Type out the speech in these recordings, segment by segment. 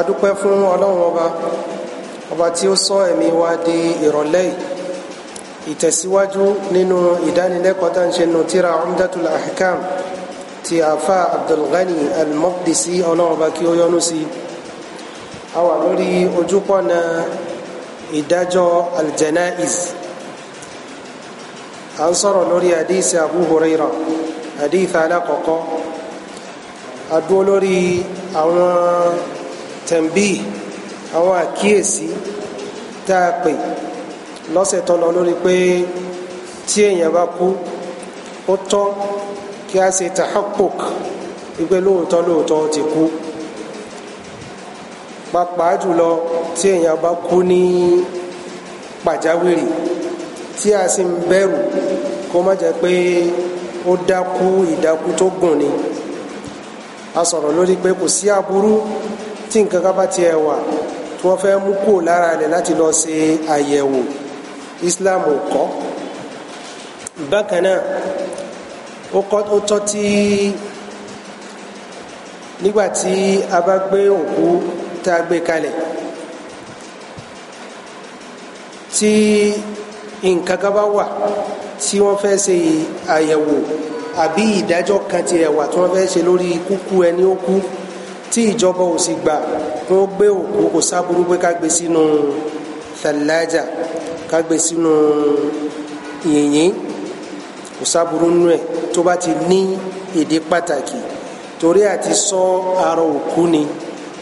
adúpẹ́ fún ọlọ́run ọba ọba tí ó sọ ẹ̀mí wa di ìrọ̀lẹ́ ìtẹ̀síwájú nínú ìdánilẹ́kọ̀ọ́ tá ń ṣe nù tíra Umdatul Ahkam ti àfa Abdulghani al-Maqdisi ọlọ́run ọba kí ó yọ́nú sí a wà lórí ojúpọ̀nà ìdájọ́ al-janaiz ń sọ̀rọ̀ lórí àdíìsì Abu àdíìsì alákọ̀ọ́kọ́ adúó lórí àwọn tẹ̀m̀bí àwọn àkíyèsí tá a pè lọ́sẹ̀ tó lọ lórí pé tí èèyàn bá kú ó tọ́ kí a ṣe tahakuk wípé lóòótọ́ lóòótọ́ ti kú pàápàá jùlọ tí èèyàn bá kú ní pàjáwìrì tí a sì ń bẹ̀rù kó má jẹ́ pé ó dákú ìdákú tó gùn ni a sọ̀rọ̀ lórí pé kò sí aburú tí nǹkan kan bá tiẹ̀ wà tí wọ́n fẹ́ mú kúrò lára rẹ̀ láti lọ ṣe àyẹ̀wò Islam ò kọ́ bákan náà ó tọ́ tí nígbà tí a bá gbé òkú tá a gbé kalẹ̀ tí nǹkan kan bá wà tí wọ́n fẹ́ ṣe àyẹ̀wò àbí ìdájọ́ kan tiẹ̀ wà tí wọ́n fẹ́ ṣe lórí kúkú ẹni ó kú. E tí ìjọba ò sì gbà kó gbé òkú kò sábúrú pé ká gbé sínú thallaja ká gbé sínú yìnyín kò sábúrú nù ẹ tó bá ti ní èdè pàtàkì torí àti sọ ara òkú ni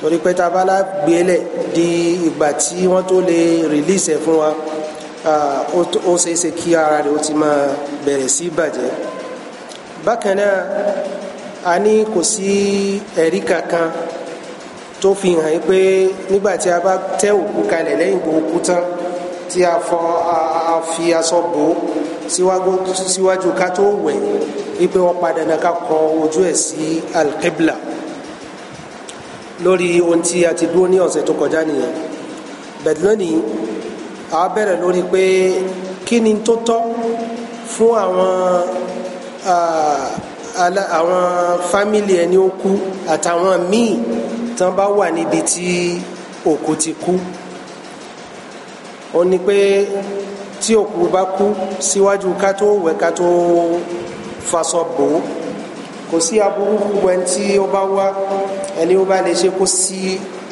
torí pé tá a bá la gbélé di ìgbà tí wọ́n tó lè release ẹ̀ fún wa ó ṣeéṣe kí ara rẹ̀ ó ti máa bẹ̀rẹ̀ sí bàjẹ́ bákan náà a ní kò sí ẹ̀rí kankan tó fi hàn pé nígbà tí a bá tẹ òkú kalẹ̀ lẹ́yìn gbòókú tán tí a fọ a fi aṣọ bò ó síwájú ká tó wẹ̀ wípé wọ́n padà náà ká kọ ojú ẹ̀ sí alqibla lórí ohun tí a ti dúró ní ọ̀sẹ̀ tó kọjá nìyẹn bẹ̀rẹ̀ a bẹ̀rẹ̀ lórí pé kí ni tó tọ́ fún àwọn àwọn fámìlì ẹni ó kú àtàwọn míì tán bá wà níbi tí òkú ti kú ó ní pé tí òkú bá kú síwájú ká tó wẹ̀ ká tó faṣọ bò ó kò sí aburú gbogbo ẹni tí ó bá wá ẹni ó bá lè ṣe kó sí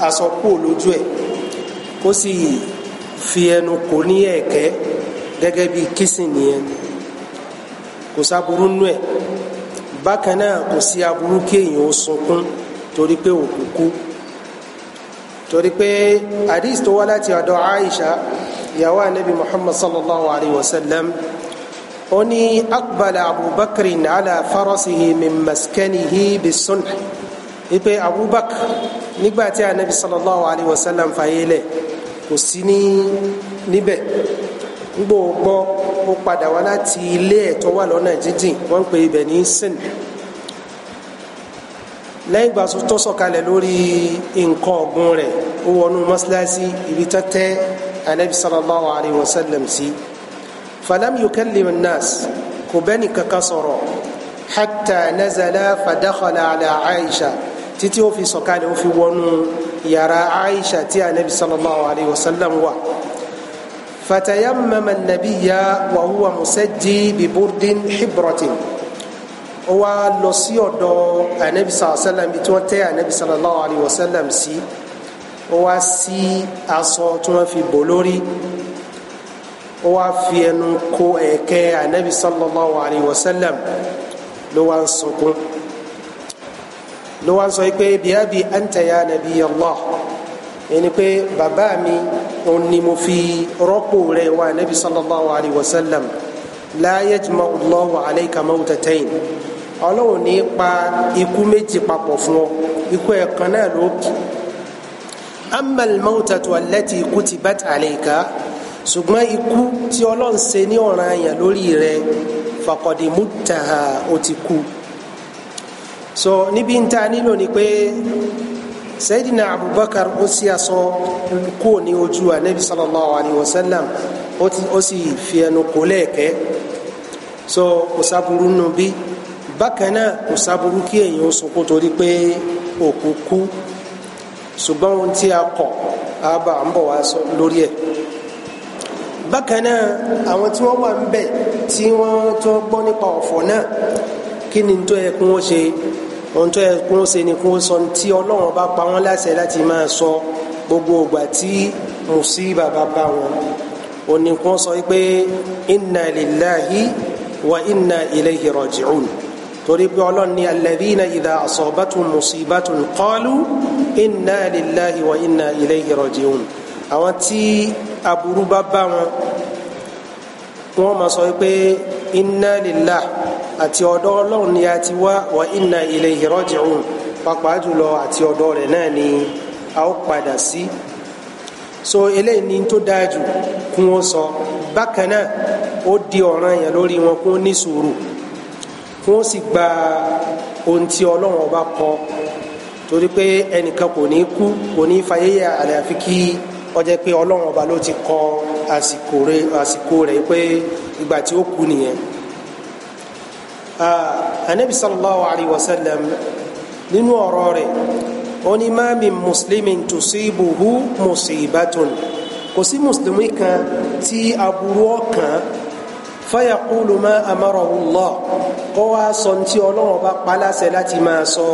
aṣọ kúò lójú ẹ̀ kó sì fi ẹnu kò ní ẹ̀kẹ́ gẹ́gẹ́ bí kìsìn nìyẹn kò sáburú nú ẹ̀ bákan náà kò sí aburú kí èèyàn ó sunkún torí pé òkú kú torí pé hadith tó wá láti ọ̀dọ̀ Aisha ìyàwó anabi Muhammad sallallahu alayhi wa sallam ó ní akbala Abubakar ala farasihi min maskanihi bisunna ipe Abubakar nígbà tí anabi sallallahu alayhi wa sallam fàyè lẹ kò sí ní níbẹ̀ ń gbọ́ gbọ́ ó padà wá láti ilé ẹ̀ tó wà lọ́nà jíjìn wọ́n ń pè ibẹ̀ ní sin lẹ́yìn ìgbà tó sọ̀kalẹ̀ lórí nǹkan ọ̀gbun rẹ̀ ó wọnú mọ́ṣáláṣí ibi tó tẹ́ anabi sallallahu alayhi wa sallam sí falam yukallim an-nas kò bẹ́ni kankan sọ̀rọ̀ hatta nazala fadakhala ala aisha títí ó fi sọ̀kalẹ̀ ó fi wọnú yàrá aisha tí anabi sallallahu alayhi wa sallam wà. فتيمم النبي وهو مسجي ببرد حبرة wa lọ sí ọ̀dọ̀ anabi sallallahu alayhi wa sallam bí tí wọ́n tẹ́ anabi sallallahu alayhi wa sallam sí ó wá sí aṣọ tí wọ́n fi bò lórí ó wá fi ẹnu kò ẹ̀kẹ́ anabi sallallahu alayhi wa sallam ló wá ń sunkún ló wá ń sọ pé bí abi anta ya nabi allah ẹni pé bàbá mi òun ni mo fi rọ́pò rẹ̀ wá nabi sallallahu alayhi wa sallam la yajma'u Allahu alayka mawtatayn ọlọ́run ní pa ikú méjì papọ̀ fún ọ ikú ẹ̀kan náà ló kì amma al-mawtatu allati kutibat alayka ṣùgbọ́n ikú tí ọlọ́run ṣe ní ọ̀ràn àyàn lórí rẹ faqad muttaha ó ti kú so níbi ń ta nílò ni pé. sayidina abubakar ó sì aṣọ kúrò ní ojú anabi sallallahu alayhi wa sallam ó sì fi ẹnu kò lẹ́ẹ̀kẹ́ so kò sábúrú nù bí bákan náà kò sábúrú kí èyàn ó sunkún torí pé òkú kú ṣùgbọ́n ohun tí a kọ̀ á bá ń bọ̀ wá lórí ẹ̀ bákan náà àwọn tí wọ́n wà ń bẹ̀ tí wọ́n tó gbọ́ ni tó yẹ kí ohun tó yẹ kó ṣe ni kó sọ tí ọlọ́run bá pa wọ́n láṣẹ láti máa sọ gbogbo ìgbà tí mùsíbà bá bá wọn òní kó sọ pé inna lillahi wa inna ilayhi raji'un torí pé ọlọ́run ní alladhina idha asabatum musibatun qalu inna lillahi wa inna ilayhi raji'un àwọn tí aburú bá bá wọn wọ́n máa sọ pé inna lillah àti ọ̀dọ̀ ọlọ́run ni a ti wá wa inna ilayhi raji'un pàápàá jùlọ àti ọ̀dọ̀ rẹ̀ náà ni a ó padà sí so eléyìí ni tó dáa jù kún ó sọ bákan náà ó di ọ̀ràn yẹn lórí wọn kún ó ní sùúrù kún ó sì gba ohun tí ọlọ́run ọba kọ torí pé ẹnìkan kò ní kú kò ní fayẹyẹ àyàfi kí ó pé ọlọ́run ọba ló ti kọ àsìkò rẹ̀ pé ìgbà tí ó kú nìyẹn anabi sallallahu alayhi wa sallam nínú ọ̀rọ̀ rẹ̀ ó ní má min muslimin tusibuhu musibatun kò sí mùsùlùmí kan tí aburú ọkàn fayaqulu ma amarahu Allah kó wá sọ tí ọlọ́run bá paláṣẹ láti máa sọ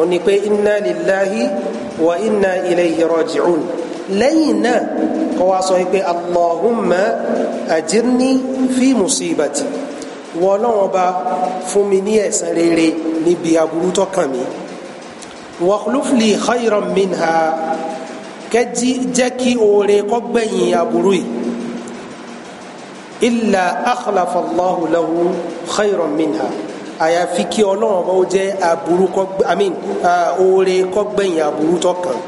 ó ní pé inna lillahi wa inna ilayhi raji'un lẹ́yìn náà kó wá sọ pé allahumma ajirni fi musibati wọ́n lọ́wọ́ bá fún mi ní ẹ̀san rere níbi aburú tó kàn mí wakhlufli khayran minha kẹ́jí jẹ́ kí oore kó gbẹ̀yìn aburú yìí illa akhlafa allahu lahu khayran minha àyàfi kí ọlọ́wọ́ bá jẹ́ aburú uh, kó gbẹ̀yìn aburú tó kàn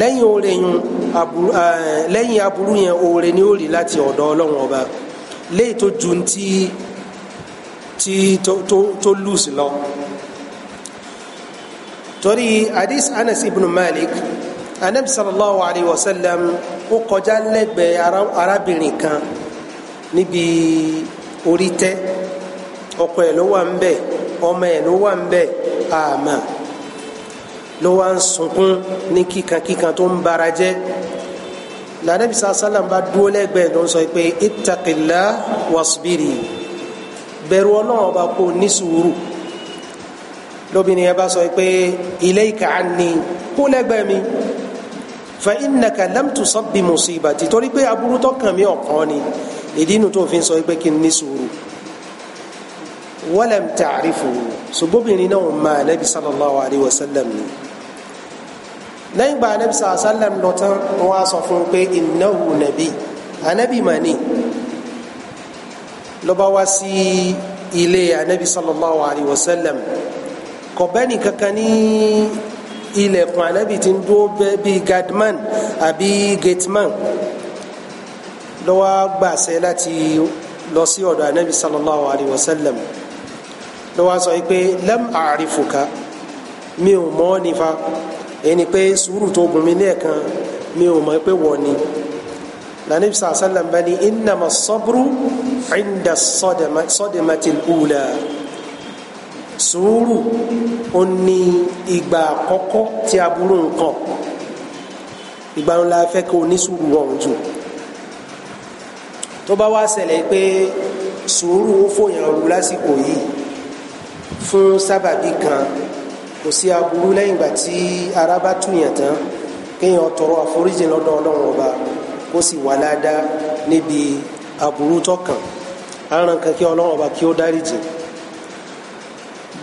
lẹ́yìn oore yun aburú eh, lẹ́yìn aburú yẹn oore ni ó rí láti ọ̀dọ̀ ọlọ́run ọba léyìí tó ju ti ti tó tó tó lùsì lọ torí hadith anas ibn malik anabi sallallahu alayhi wa sallam ó kọjá lẹ́gbẹ̀ẹ́ arábìnrin kan níbi orí tẹ́ ọkọ ẹ̀ ló wà ń bẹ̀ ọmọ ẹ̀ ló wà ń bẹ̀ àmà. Ah, ló wá ń sunkún ní kíkankíkan tó ń bara jẹ́ lànàbí sàlám bá dúró lẹ́gbẹ̀ẹ́ ló ń sọ pé ittaqilla wasbiri bẹ̀rù ọlọ́run bá kó ní sùúrù lóbìnrin yẹn bá sọ pé ilayka anni kó lẹ́gbẹ̀ẹ́ mi fa innaka lam tusab bi musibati torí pé aburú tó kàn mí ni ìdí tó fi sọ pé kí n ní sùúrù walam ta'rifu ṣùgbọ́n obìnrin náà máa nàbí sallallahu alayhi wa sallam ni lẹ́yìn gba anabi sàlá sàlám lọ́tàn wọ́n á sọ fún un pé innahu nàbí anabi mà ní lọ́ba wá sí ilé anabi sallallahu alayhi wa sallam kò bẹ́ẹ̀ ni kankan ní ilẹ̀kùn anabi ti ń dúró bíi gadman àbí gateman lọ́wọ́ gbàṣẹ láti lọ sí ọ̀dọ̀ anabi sallallahu alayhi wa sallam lọ́wọ́ sọ pé lam àrífùkà mi ò mọ̀ nífa èyí ni pé sùúrù tó gùn mí lẹ́ẹ̀kan mi ò mọ̀ pé wọ̀ ni lànà ibùsà sálàm bá ní innama sabru inda sọdẹmàtì ula sùúrù ó ní ìgbà àkọ́kọ́ tí aburú nǹkan ìgbà ńlá fẹ́ kí ní sùúrù ọ̀hún jù tó bá wá ṣẹlẹ̀ pé sùúrù ó fòyàn wù lásìkò yìí fún sábàbí kan kò sí aburú lẹ́yìn ìgbà tí ara bá túyàn tán kéèyàn tọrọ àforíjì lọ́dọ̀ ọlọ́run ọba kó sì wà ládàá níbi aburú tọkàn aràn kan kí ọlọ́run ọba kí ó dáríjì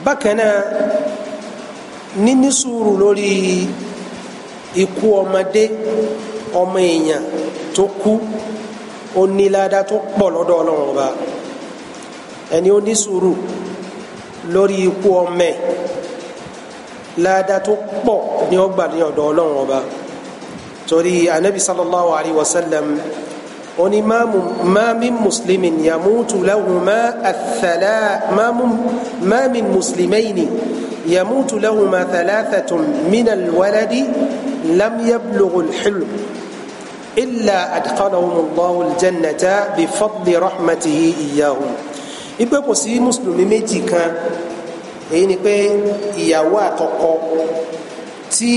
bákan náà níní sùúrù lórí ikú ọmọdé ọmọ èèyàn tó kú ó ní ládàá tó pọ̀ lọ́dọ̀ ọlọ́run ọba ẹni ó lórí ikú ọmọ ẹ̀ láàdá tó pọ̀ ní ọgbà ní ọ̀dọ̀ ọlọ́run ọba torí anabi sallallahu alayhi wa sallam oni maamu maami muslimin yamutu lahu ma athala maamu maami muslimayni yamutu lahu ma thalathatun minal waladi lam yablughu alhulm illa adkhalahum allahu aljannata bifadli rahmatihi iyahum ipe kò sí mùsùlùmí méjì kan èyí ni pé ìyàwó àtọkọ tí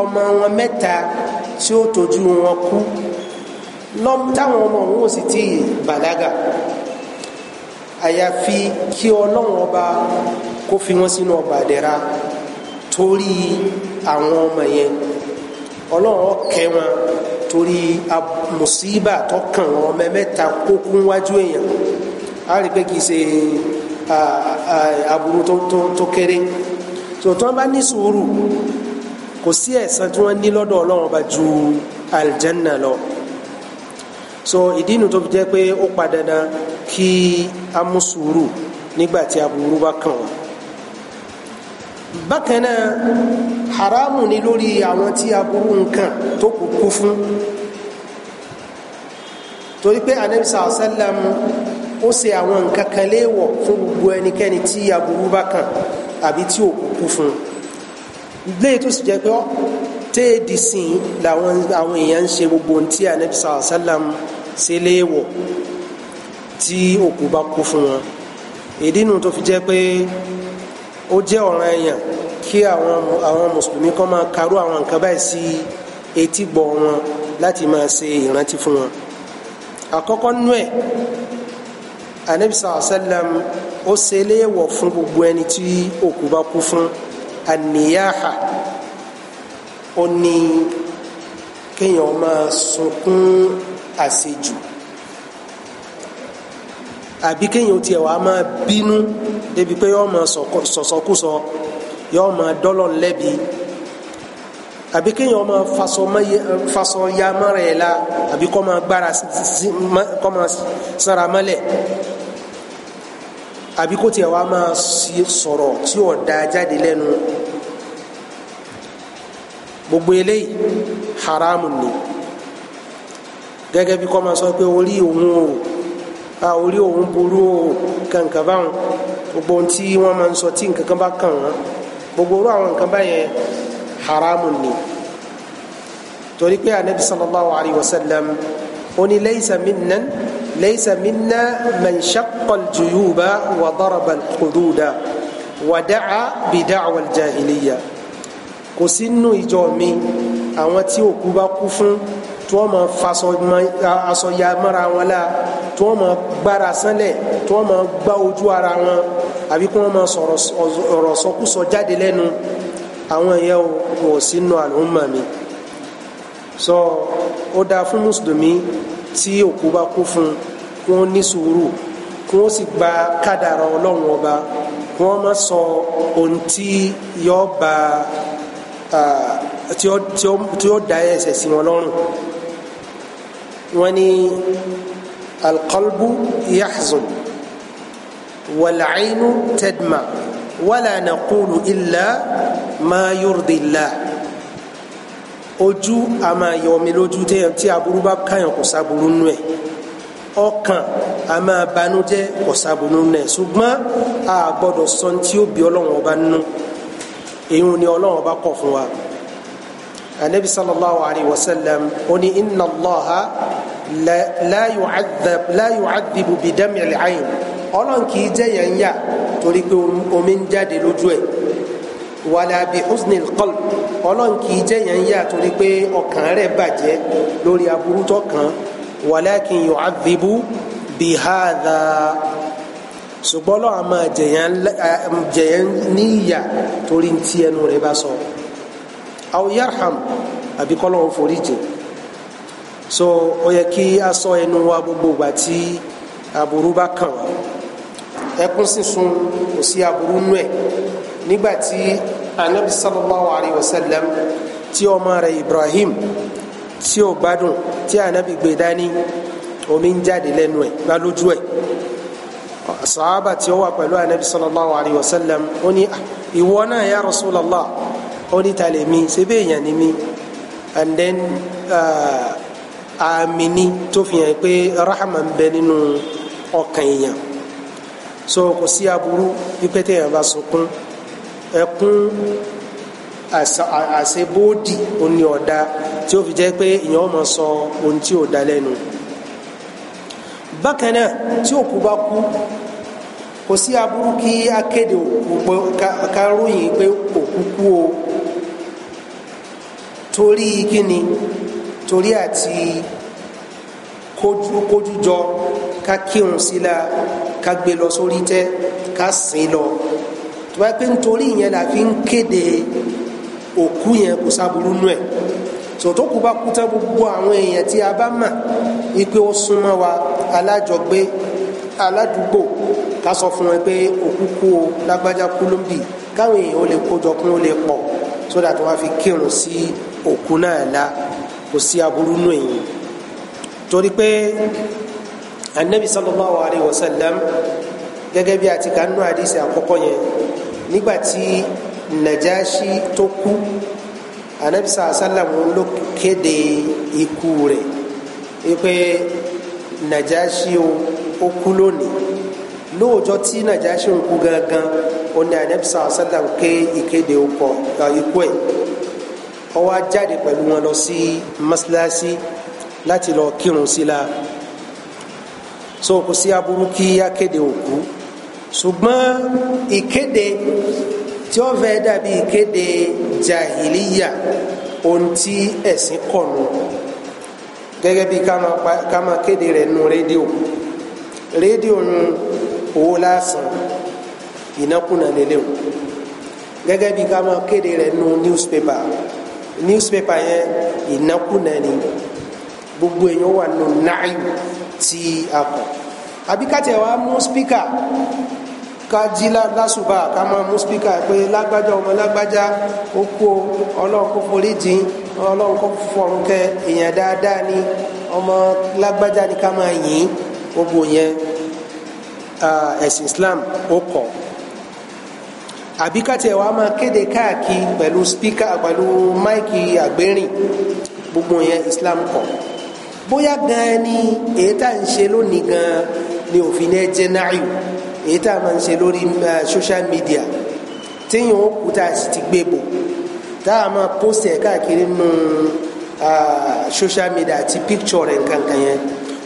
ọmọ wọn mẹ́ta tí ó tọ́jú wọn kú táwọn ọmọ òun ò sì tí ì bàlágà àyàfi kí ọlọ́run ọba kó fi wọn sínú ọgbà àdẹ́ra torí àwọn ọmọ yẹn ọlọ́run ó wọn torí mùsíbà tó wọn ọmọ mẹ́ta kó kún wájú èèyàn á rí i pé kì í ṣe aburú tó kéré tòótọ́ bá ní sùúrù kò sí ẹ̀san tí wọ́n ní lọ́dọ̀ ọlọ́run bá ju aljanna lọ so ìdí inú tó fi jẹ́ pé ó pa dandan kí a mú sùúrù nígbà tí aburú bá kàn wá bákan náà haramu ni lórí àwọn tí aburú nǹkan tó kú kú fún torí pé anabi sàlẹ̀ ó ṣe àwọn nǹkan kan léèwọ̀ fún gbogbo ẹnikẹ́ni tí aburú bá kàn àbí tí òkú kú fún un léyìí tó sì jẹ́ pé téèdì sìn làwọn àwọn èèyàn ń ṣe gbogbo ohun tí anabi sàlá sàlám ṣe léèwọ̀ tí òkú bá kú fún wọn ìdí nu tó fi jẹ́ pé ó jẹ́ ọ̀ràn èèyàn kí àwọn àwọn mùsùlùmí kan máa karú àwọn nǹkan báyìí sí etí gbọ́ wọn láti máa ṣe ìrántí fún wọn àkọ́kọ́ nú ẹ̀ anabi sàlám ó ṣẹlẹ̀ wọ̀ fún gbogbo ẹni tí òkú bá kú fún àníyáhà ó ní kéèyàn máa sunkún àṣejù àbí kéèyàn tiẹ̀ wàá máa bínú débi pé yọ́ọ́ máa sọ̀sọ́kúsọ yọ́ọ́ máa dọ́lọ̀ lẹ́bi àbí kéèyàn máa fasọ ya mọ́ra ẹ̀ la àbí kọ́ máa gbára sára mọ́lẹ̀ àbí kó tiẹ̀ wá máa sọ̀rọ̀ tí ò da jáde lẹ́nu gbogbo eléyìí haramu ni gẹ́gẹ́ bí kọ́ máa sọ pé orí òun o a orí òun burú o kankan báwọn gbogbo ohun tí wọ́n máa ń sọ tí nǹkan bá kàn wọ́n gbogbo orú àwọn nǹkan báyẹn haramu ni torí pé anabi sallallahu alayhi wa sallam ó ní laysa ليس منا من شق الجيوب وضرب القدود ودعا بدعوى الجاهلية kò sí nínú ìjọ mi àwọn tí òkú bá kú fún tí wọ́n máa fasọya mọ́ra wọn la tí wọ́n máa gbára sánlẹ̀ tí wọ́n máa gbá ojú ara wọn àbí kí wọ́n máa sọ̀rọ̀ ọ̀rọ̀ sọkúsọ jáde lẹ́nu àwọn yẹn ò sí nínú àlùmọ mi sọ ó dáa fún mùsùlùmí tí òkú bá kú fún un kí wọ́n ní sùúrù kí wọ́n sì gba kádàrá ọlọ́run ọba kí wọ́n má sọ ohun tí yọ ba tí ó da ẹsẹ̀ sí wọn lọ́rùn wọ́n ní alqalbu yahzun wal-aynu tadma wala naqulu illa ma yurdi ojú a máa lójú tí aburú bá káyàn kò sáburú nù ẹ̀ ọkàn a máa banújẹ́ ọ̀sàbùnú náà ṣùgbọ́n a gbọ́dọ̀ sọ tí ó bí ọlọ́run ọba nínú èyí ni ọlọ́run ọba kọ̀ fún wa anabi sallallahu alayhi wa sallam ó ní inna allaha la yu'adhab la yu'adhibu bidam'il 'ayn ọlọ́run kì í jẹ́ yẹn ń yà torí pé omi ń jáde lójú ẹ̀ wàlà bi husnil qalb ọlọ́run kì í jẹ́ yẹn ń torí pé ọkàn rẹ̀ bàjẹ́ lórí aburú tó kàn án walakin yu'adhibu bihadha ṣùgbọ́n lọ́wọ́ àmọ́ jẹ̀yàn níyà torí ti ẹnu rẹ̀ bá sọ aw yarham àbí kọ́ forí jẹ so ó yẹ kí a sọ ẹnu wa gbogbo ìgbà tí aburú bá kàn wá ẹkún sísun kò sí aburú nú ẹ nígbà tí anabi sallallahu alayhi wa sallam tí ọmọ rẹ̀ Ibrahim tí ò gbádùn tí ànábì gbé dání omi ń jáde lẹ́nu ẹ̀ bá lójú ẹ̀ sàábà tí ó wà pẹ̀lú ànábì sallallahu alayhi wa sallam ó ní ah, ìwọ náà ya rasulallah ó ní ta lè mi ṣe bẹ́ẹ̀ yàn ni mi and then uh, àmì ni tó fi hàn pé rahama ń bẹ nínú ọkàn èèyàn so kò sí aburú wípé téèyàn bá sunkún ẹkún àṣebóòdì ó tí ó fi jẹ́ pé èèyàn máa sọ ohun tí ò dá lẹ́nu bákan náà tí òkú bá kú kò sí aburú kí akéde òkú ká ròyìn pé òkú kú o torí kíni torí àti kójú jọ ká kírun síla ká gbé lọ sórí tẹ ká sìn lọ tó bá pé nítorí ìyẹn la fi ń kéde òkú yẹn kò sáburú nù ẹ sòtó kú bá kúta gbogbo àwọn èèyàn tí a bá mà ipe ó súnmọ́ wa alájọgbé aládùúgbò ká sọ fún wọn pé òkú kú o lágbájá kú ló ń bì káwọn èèyàn ó lè kójọ kún ó lè pọ̀ sódà tó wá fi kírun sí òkú náà la kò sí aburú nù èyí torí pé anabi sallallahu alayhi wa sallam gẹ́gẹ́ bí a ti kà nínú àdìsí àkọ́kọ́ yẹn nígbà tí najashi tó kú anabi sàlám ló kéde ikú rẹ̀ wípé nàjàṣí ó kú lónìí lóòjọ́ tí nàjàṣí ń kú gangan ó ní anabi sàlám ké ìkéde ọkọ ikú ẹ̀ ó wá jáde pẹ̀lú wọn lọ sí mọ́sálásí láti lọ kírun sí la so kò sí aburú kí akéde òkú ṣùgbọ́n ìkéde tí ó fẹ́ dàbí ìkéde jahiliya ohun tí ẹ̀sìn kọ̀nù gẹ́gẹ́ bí ká máa kéde rẹ̀ nu rédíò rédíò nu owó lásán ìnákùná lélẹ̀ o gẹ́gẹ́ bí ká máa kéde rẹ̀ nu newspaper newspaper yẹn ìnákùná ni gbogbo èèyàn wà nù náírà tí a kọ̀ àbíkátẹ̀ wa mú spíkà ká jí lásùbà ká máa mú spíkà pé lágbájá ọmọ lágbájá ó kú ọlọ́run kó forí jìn ọlọ́run kó fọrùn kẹ èèyàn dáadáa ni ọmọ lágbájá ni ká máa yìn gbogbo yẹn ẹ̀sìn Islam ó kọ̀ àbí kàtẹ́ wa máa kéde káàkiri pẹ̀lú spíkà pẹ̀lú máìkì àgbérìn gbogbo yẹn Islam kọ̀ bóyá gan ni èyí tá à ń ṣe lónìí gan ni òfin ẹ jẹ́ náírà èyí tá a máa ń ṣe lórí eh, social media téèyàn ó kú tá a sì ti gbé bò tá a máa post ẹ̀ káàkiri nù ah, social media àti picture rẹ̀ nkankan yẹn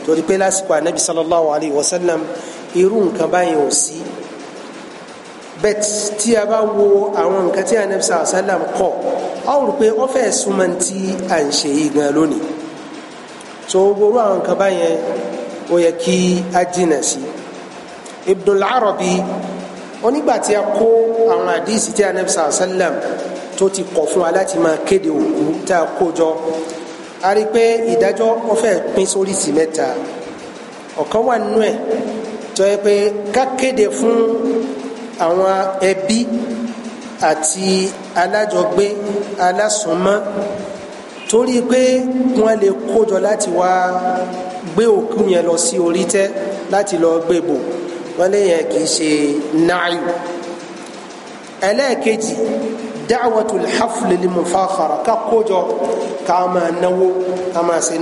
torí pé lásìkò anabi sallallahu alayhi wa sallam irú nǹkan báyìí ò sí bet tí a bá wo àwọn nǹkan tí anabi sallallahu alayhi wa sallam kọ ọ rò pé ó fẹ́ súnmọ́ tí à ń ṣe yìí gan lónìí so gbogbo àwọn nǹkan báyẹn ó yẹ kí a jìnnà sí i. Ibnul Arabi onígbàtí a kó àwọn àdísì tí anabi sàlá sálàm tó ti kọ̀ fún wa láti máa kéde òkú tá a kó jọ a rí i pé ìdájọ́ wọn fẹ́ẹ́ pín sórí sí mẹ́ta ọ̀kan wà nínú ẹ̀ tó yẹ pé ká kéde fún àwọn ẹbí àti alájọgbé torí pé wọ́n lè kó jọ láti wá gbé òkú yẹn lọ sí orí tẹ́ láti lọ gbé bò wọ́n lè yẹn kì í ṣe náàyù ẹlẹ́ẹ̀kejì da'watul hafli lil mufakhara ká kójọ ká máa náwó ká máa ṣe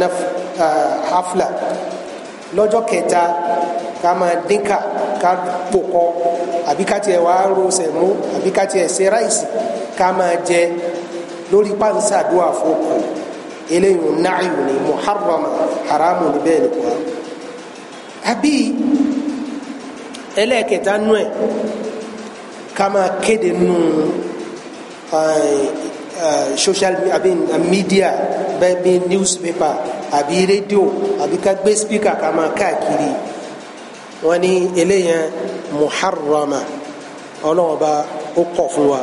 hafla lọ́jọ́ kẹta ká máa dínkà ká pòkọ àbí ká tiẹ̀ wàá ro sẹ̀mú àbí ká ṣe ráìsì ká máa jẹ lórí pàǹsá àdúrà fòkù eléyìí náàyù ni muharrama haramu ni bẹ́ẹ̀ ni kò wá àbí ẹlẹ́ẹ̀kẹta nú ẹ̀ ká máa kéde nú eh, eh, social àbí media bẹ́ẹ̀ bí newspaper àbí rédíò àbí ká gbé speaker ká máa káàkiri wọ́n ní eléyẹn muharrama ọlọ́wọ́ba ó kọ̀ fún wa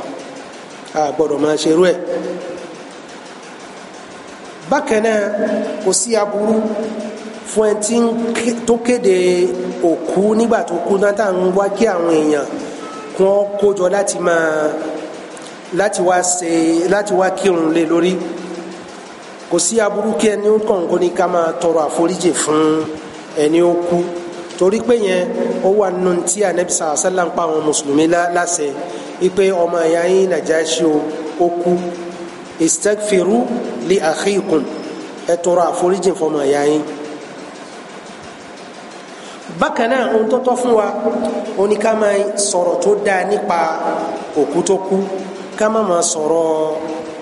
a gbọ́dọ̀ máa ṣerú ẹ̀ bákan náà kò sí aburú fún ẹ tí tó kéde òkú nígbà tó kú náà tá à ń wá kí àwọn èèyàn kí wọ́n kójọ láti máa láti wá ṣe láti wá kírun lé lórí kò sí aburú kí ẹni kọ̀ọ̀kan ní ká máa tọrọ àforíjì fún ẹni ó kú torí pé yẹn ó wà nínú tí anabi sàlá sàlá ń pa àwọn mùsùlùmí láṣẹ ipe ọmọ ẹ̀yà yín Nàjáṣì ó kú istagfiru li akhikum ẹ tọrọ àforíjì fọmọ ẹ̀yà yín bákan náà ohun tó tọ́ fún wa ó ní ká máa sọ̀rọ̀ tó dáa nípa òkú tó kú ká má máa sọ̀rọ̀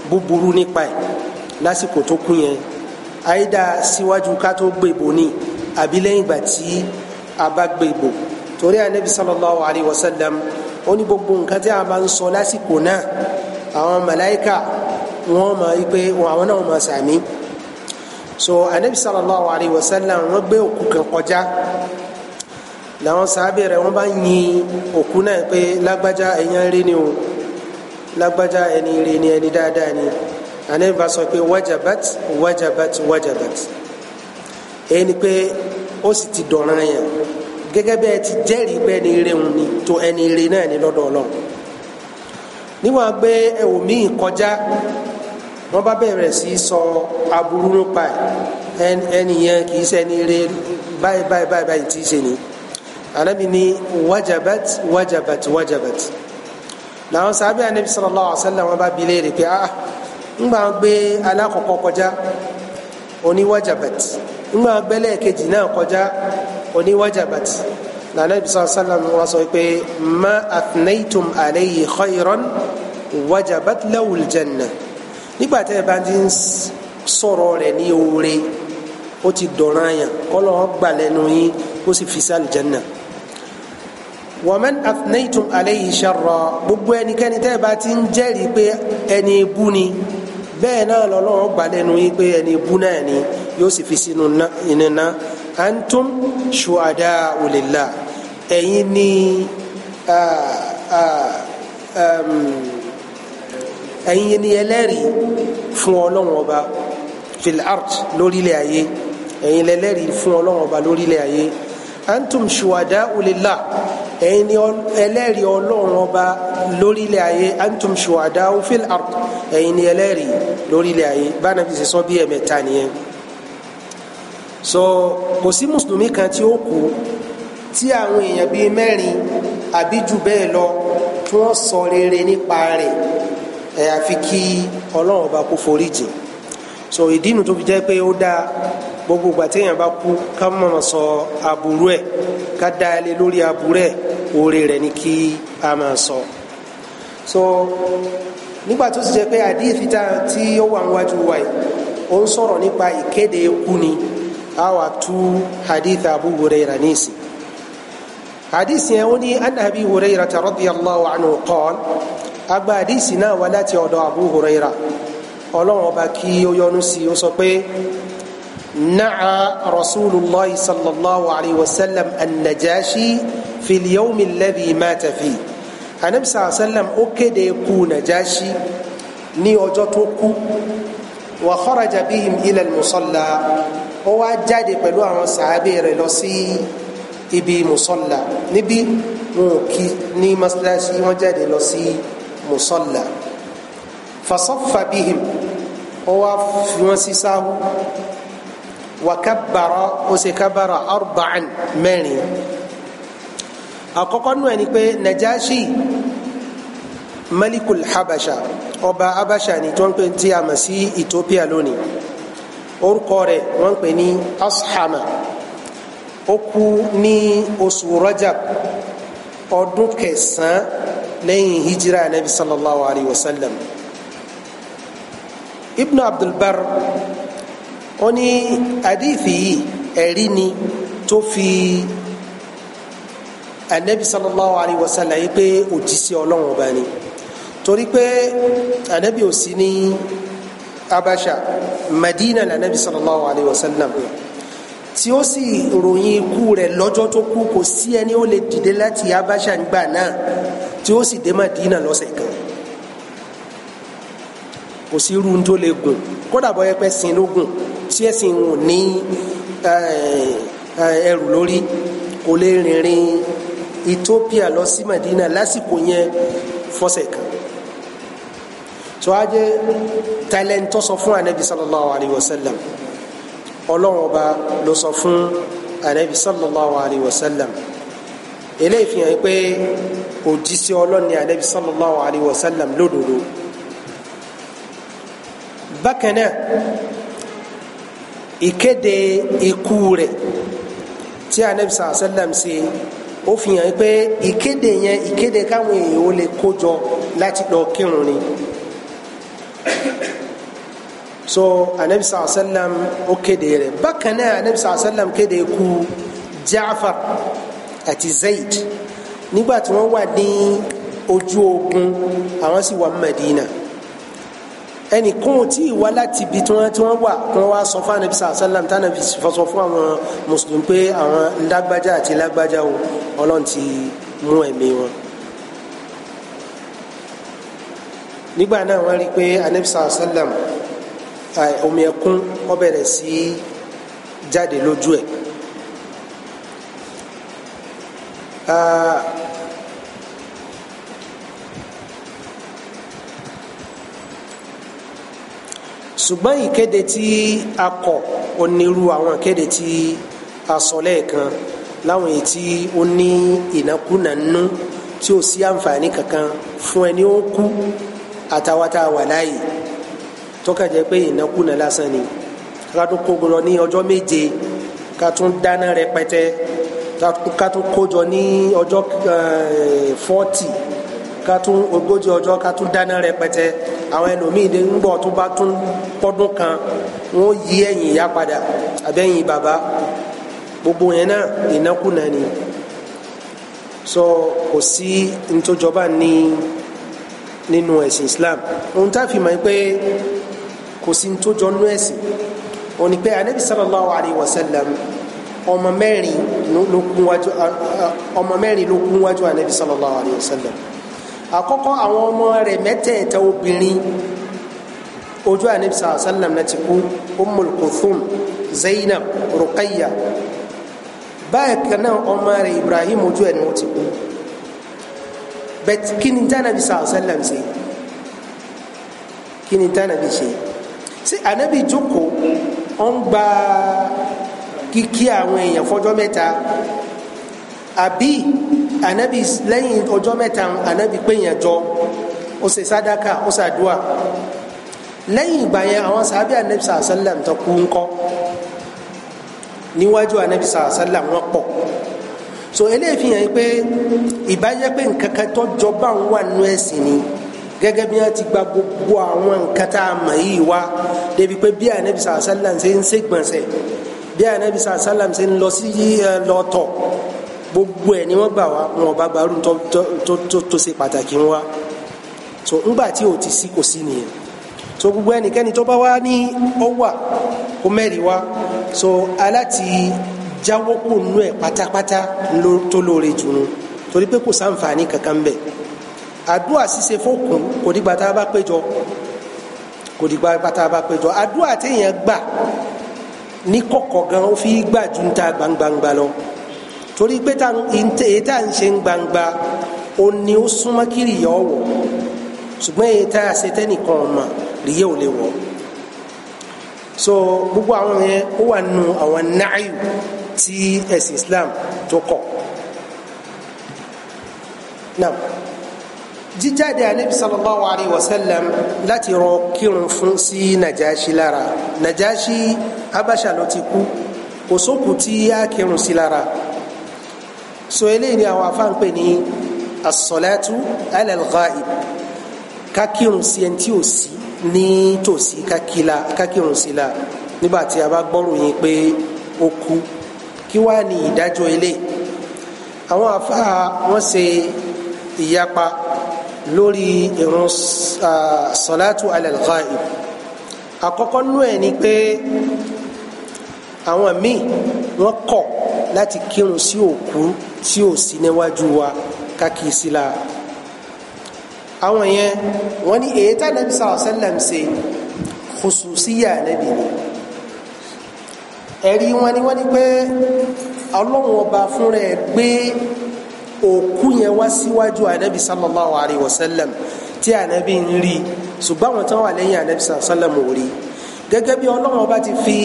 búburú nípa ẹ̀ lásìkò tó kú yẹn àyídà síwájú ká tó gbèbò ni àbí lẹ́yìn ìgbà tí a bá gbèbò torí anabi sallallahu alayhi wa sallam ó ní gbogbo nǹkan tí a máa ń sọ lásìkò náà àwọn màláíkà wọn máa yí pé àwọn náà máa sàmì so anabi sallallahu alayhi wa sallam wọn gbé òkú kan kọjá làwọn sàábẹ̀ rẹ̀ wọ́n bá yin òkú náà pé lágbájá ẹ̀yàn rí ni o lágbájá ẹni rí ni ẹni dáadáa ni ànábì bá sọ pé wajabat wajabat wajabat èyí ni pé ó sì ti dọ̀ràn yẹn gẹ́gẹ́ bẹ́ẹ̀ ti jẹ́rìí pé ẹni rí ni tó ẹni rí náà ni lọ́dọ̀ ọlọ́run níwọ̀n gbé ẹ̀wòmíì kọjá wọ́n bá bẹ̀rẹ̀ sí sọ aburú nípa ẹ̀ ẹni yẹn kì í ṣẹni rí báyìí báyìí báyìí ti ṣe ni anabi ni wajabat wajabat wajabat làwọn sábẹ́ anabi sallallahu alaihi wasallam wọn bá bi léèrè pé ah ngbà gbé alákọ̀ọ́kọ́ kọjá oní wajabat ngbà gbẹ́lẹ̀ kejì náà kọjá oní wajabat lànàbi sallallahu alaihi wasallam wọn sọ pé ma athnaytum alayhi khayran wajabat lawul janna nígbà tẹ́ ẹ bá ti ń sọ̀rọ̀ rẹ̀ ní oore ó ti dọ̀ràn yàn kọ́lọ́ gbà lẹ́nu yín ó sì fi sí wọ́mẹ́n afnaytum aleyhi sharra gbogbo ẹnikẹ́ni tẹ́ bá ti ń jẹ́rìí pé ẹni bú ni bẹ́ẹ̀ náà lọ́lọ́wọ́ gbà lẹ́nu yìí pé ẹni bú náà ni yóò sì fi sínú iná antum shuada olèlà ẹ̀yin ni ẹ̀yin ni ẹlẹ́rìí fún ọlọ́run ọba fil lórílẹ̀ ayé ẹ̀yin lẹ́lẹ́rìí fún ọlọ́run ọba lórílẹ̀ ayé antum shuada olèlà ẹ̀yin ni ẹlẹ́rìí ọlọ́run ọba lórílẹ̀ ayé antum shuhadau fil ard ẹ̀yin ni ẹlẹ́rìí lórílẹ̀ ayé báyìí fi sọ bí ẹ̀mẹ́ta nìyẹn so kò sí mùsùlùmí kan tí ó kú tí àwọn èèyàn bíi mẹ́rin àbí jù bẹ́ẹ̀ lọ tí wọ́n sọ rere nípa rẹ̀ ẹ̀ àfi kí ọlọ́run ọba kó foríjì so ìdí inú tó fi jẹ́ pé ó dáa gbogbo ìgbà téèyàn bá kú ká mọ̀mọ́ sọ aburú ẹ̀ ká dá ẹ lórí aburú ẹ̀ ni kí a máa sọ. so nígbà tó ti jẹ́ pé àdíyèsí tí ó wà níwájú wa yìí ó ń sọ̀rọ̀ nípa ìkéde ikú ni a wà tú hadith Abu Huraira níìsín. hadith yẹn ó ní agba hadith náà wá láti ọ̀dọ̀ Abu Huraira ọlọ́run ọba kí ó sí i ó نعى رسول الله صلى الله عليه وسلم النجاشي في اليوم الذي مات فيه النبي صلى الله عليه وسلم أكد يكون نجاشي ní ọjọ́ tó kú wa kharaja bihim ila al-musalla ó wá jáde pẹ̀lú àwọn sàábì rẹ̀ lọ sí ibi musalla níbi wọn ò kí ní masalasi wọn jáde lọ sí musalla fa saffa bihim ó wá fi wọn sí sáwù wàkàbàrà ó sì kàbàrà arba'an mẹ́rin àkọ́kọ́ nù ẹni pé najashi malikul habasha ọba habasha ni tí wọ́n pè tí a mọ̀ sí ethiopia lónìí orúkọ rẹ̀ wọ́n pè ní ashama ó kú ní oṣù rajab ọdún kẹsàn-án lẹ́yìn hijira anabi sallallahu alayhi wa sallam ibnu abdulbar wọ́n ní àdífì yìí ẹ̀rí ni tó fi anabi sallallahu alayhi wa sallam yìí pé òjíṣẹ́ ọlọ́run ọba ni torí pé anabi ò sí ní abasha madina la anabi sallallahu alayhi wa sallam tí ó sì ròyìn ikú rẹ̀ lọ́jọ́ tó kú kò sí ẹni ó lè dìde láti abasha nígbà náà tí ó sì dé madina lọ́sẹ̀ kan kò sí irú tó lè gùn kódà bọ́ yẹpẹ́ sin ló gùn tí ẹ̀sìn wọn ní ẹrù lórí kò lè rìnrìn Ethiopia lọ sí Medina lásìkò yẹn fọ́sẹ̀ kan tó a jẹ́ tẹ́lẹ̀ntọ́ sọ fún anabi sallallahu alayhi wa sallam ọlọ́run ọba ló sọ fún anabi sallallahu alayhi wa sallam eléyìí fi hàn pé òjíṣẹ́ ọlọ́run ni anabi sallallahu alayhi wa sallam lódodo bákan náà ìkéde ikú rẹ̀ tí anabi sàlá sàlám ṣe ó fi hàn pé ìkéde yẹn ìkéde káwọn èèyàn ó lè kó jọ láti lọ kírun ni so anabi sàlá sàlám ó kéde rẹ̀ bákan náà anabi sàlá sàlám kéde ikú jaafar àti zayd nígbà tí wọ́n wà ní ojú ogun àwọn sì wà Madina ẹnì kún tí ìwà láti ibi tí wọ́n ti wọ́n wà wọ́n wá sọ fún anabi sàlá sàlám tí anabi fọsọ fún àwọn mùsùlùmí pé àwọn lágbájá àti lágbájá o ọlọ́run ti mú ẹ̀mí wọn. nígbà náà wọ́n rí i pé anabi sàlá sàlám omi ẹ̀kún ó bẹ̀rẹ̀ sí jáde lójú ẹ̀. Ah, ṣùgbọ́n ìkéde tí a kọ̀ ó nírú àwọn ìkéde tí a sọ lẹ́ẹ̀kan láwọn èyí tí ó ní ìnákúnà nínú tí ó sí àǹfààní kankan fún ẹni ó kú àtàwátà wà láàyè tọ́ka jẹ́ pé ìnákúnà lásán ni ká tún ní ọjọ́ méje ká dáná rẹpẹtẹ ká tún ní ọjọ́ eh, fọ́tì ká ogójì ọjọ́ ká dáná rẹpẹtẹ. Uh, àwọn ẹlòmíì lè ń gbọ́ tó bá tún pọ́dún kan wọ́n yí ẹ̀yìn ìyá padà àbẹ́yìn bàbá gbogbo yẹn náà ìnákùná ni so kò sí ntòjọba ní nínú ẹ̀sìn Islam ohun tá a fi mọ̀ pé kò sí ntòjọ nú ẹ̀sìn òní pé anabi sallallahu alayhi wa sallam ọmọ mẹ́rin ló kún wájú anabi sallallahu alayhi wa sallam. àkọ́kọ́ àwọn ọmọ rẹ̀ mẹ́tẹ̀ẹ̀ta obìnrin ojú àníbsà sallam na ti kú ummul kuthum zainab ruqayya báyìí kan náà ọmọ rẹ̀ ibrahim ojú ẹ̀ ni wọ́n ti kú bẹ́ẹ̀ kí ni tánàbí sà sallam ṣe kí ni tánàbí ṣe ṣé ànábì jókòó ó ń gba kíkí àwọn èèyàn fọjọ́ mẹ́ta àbí ànábì lẹ́yìn ọjọ́ mẹ́ta ànábì péyàn jọ ó ṣe sádàkà ó ṣàdúà lẹ́yìn ìgbà yẹn àwọn sàábì ànábì sàásálàm tó kú ńkọ́ níwájú ànábì sàásálàm wọ́n pọ̀ so eléyìí fi hàn pé ìbájẹ́ pé nǹkan kan tó jọba ń wà nínú ẹ̀sìn ni gẹ́gẹ́ bí wọ́n ti gba gbogbo àwọn nǹkan tá a mọ̀ yìí wá débi pé bí ànábì sàásálàm ṣe ń ṣègbọ̀nsẹ̀ bí ànábì sàásálàm ṣe ń lọ sí lọ́tọ̀ gbogbo ẹ̀ ni wọ́n gbà wá wọn ọba gbarú tó ṣe pàtàkì wá so ńgbà tí ò ti sí kò sí nìyẹn so gbogbo ẹnikẹ́ni tó bá wá ní ọwà ó mẹ́rin wá so aláti jáwọ́ kó nú ẹ̀ pátápátá tó lóore jùlọ torí pé kò sáǹfààní kankan bẹ̀ àdúrà ṣíṣe fókun kò dìgbà tá a bá péjọ kò dìgbà tá a bá péjọ àdúrà téèyàn gbà ní kọ̀kọ̀ gan ó fi gbà ju ń ta gbangbangba lọ torí pé èyí tá à ń ṣe gbangba ó ní ó súnmọ́ kí rìyà ọ̀wọ̀ ṣùgbọ́n èyí tá a ṣe tẹ́nìkan ọ̀mà rìyà ò lè wọ̀ so gbogbo àwọn yẹn ó wà nù àwọn náàyù tí ẹ̀sìn Islam tó kọ̀ náà jíjáde anabi sallallahu alayhi wa sallam láti rọ kírun fún sí najashi lára najashi abasha ló ti kú kò sókùú tí kírun sí lára so eléyìí ni àwọn afáàn pè ní asọlẹ́tù ẹlẹ́lgáì kákírun sí ẹni tí ò sí ní tòsí kákírun sí la nígbà tí a bá gbọ́rò yín pé ó kú kí wá ní ìdájọ́ eléyìí àwọn afáà wọ́n ṣe ìyapa lórí ìrun sọlátù alẹ́lgáì àkọ́kọ́ nú ẹ̀ ni pé àwọn míì wọ́n kọ̀ láti kírun sí òkú tí ò sí níwájú wa káàkiri sí la àwọn yẹn wọ́n ní èyí tá nàbí sallallahu alaihi wasallam ṣe khususiyya nàbí ni ẹ̀rí wọn ni wọ́n ní pé ọlọ́run ọba fúnra ẹ̀ gbé òkú yẹn wá síwájú ànábì sallallahu alaihi wasallam tí ànábì ń rí ṣùgbọ́n àwọn tán wà lẹ́yìn ànábì sallallahu alaihi rí gẹ́gẹ́ bí ọlọ́run ọba ti fi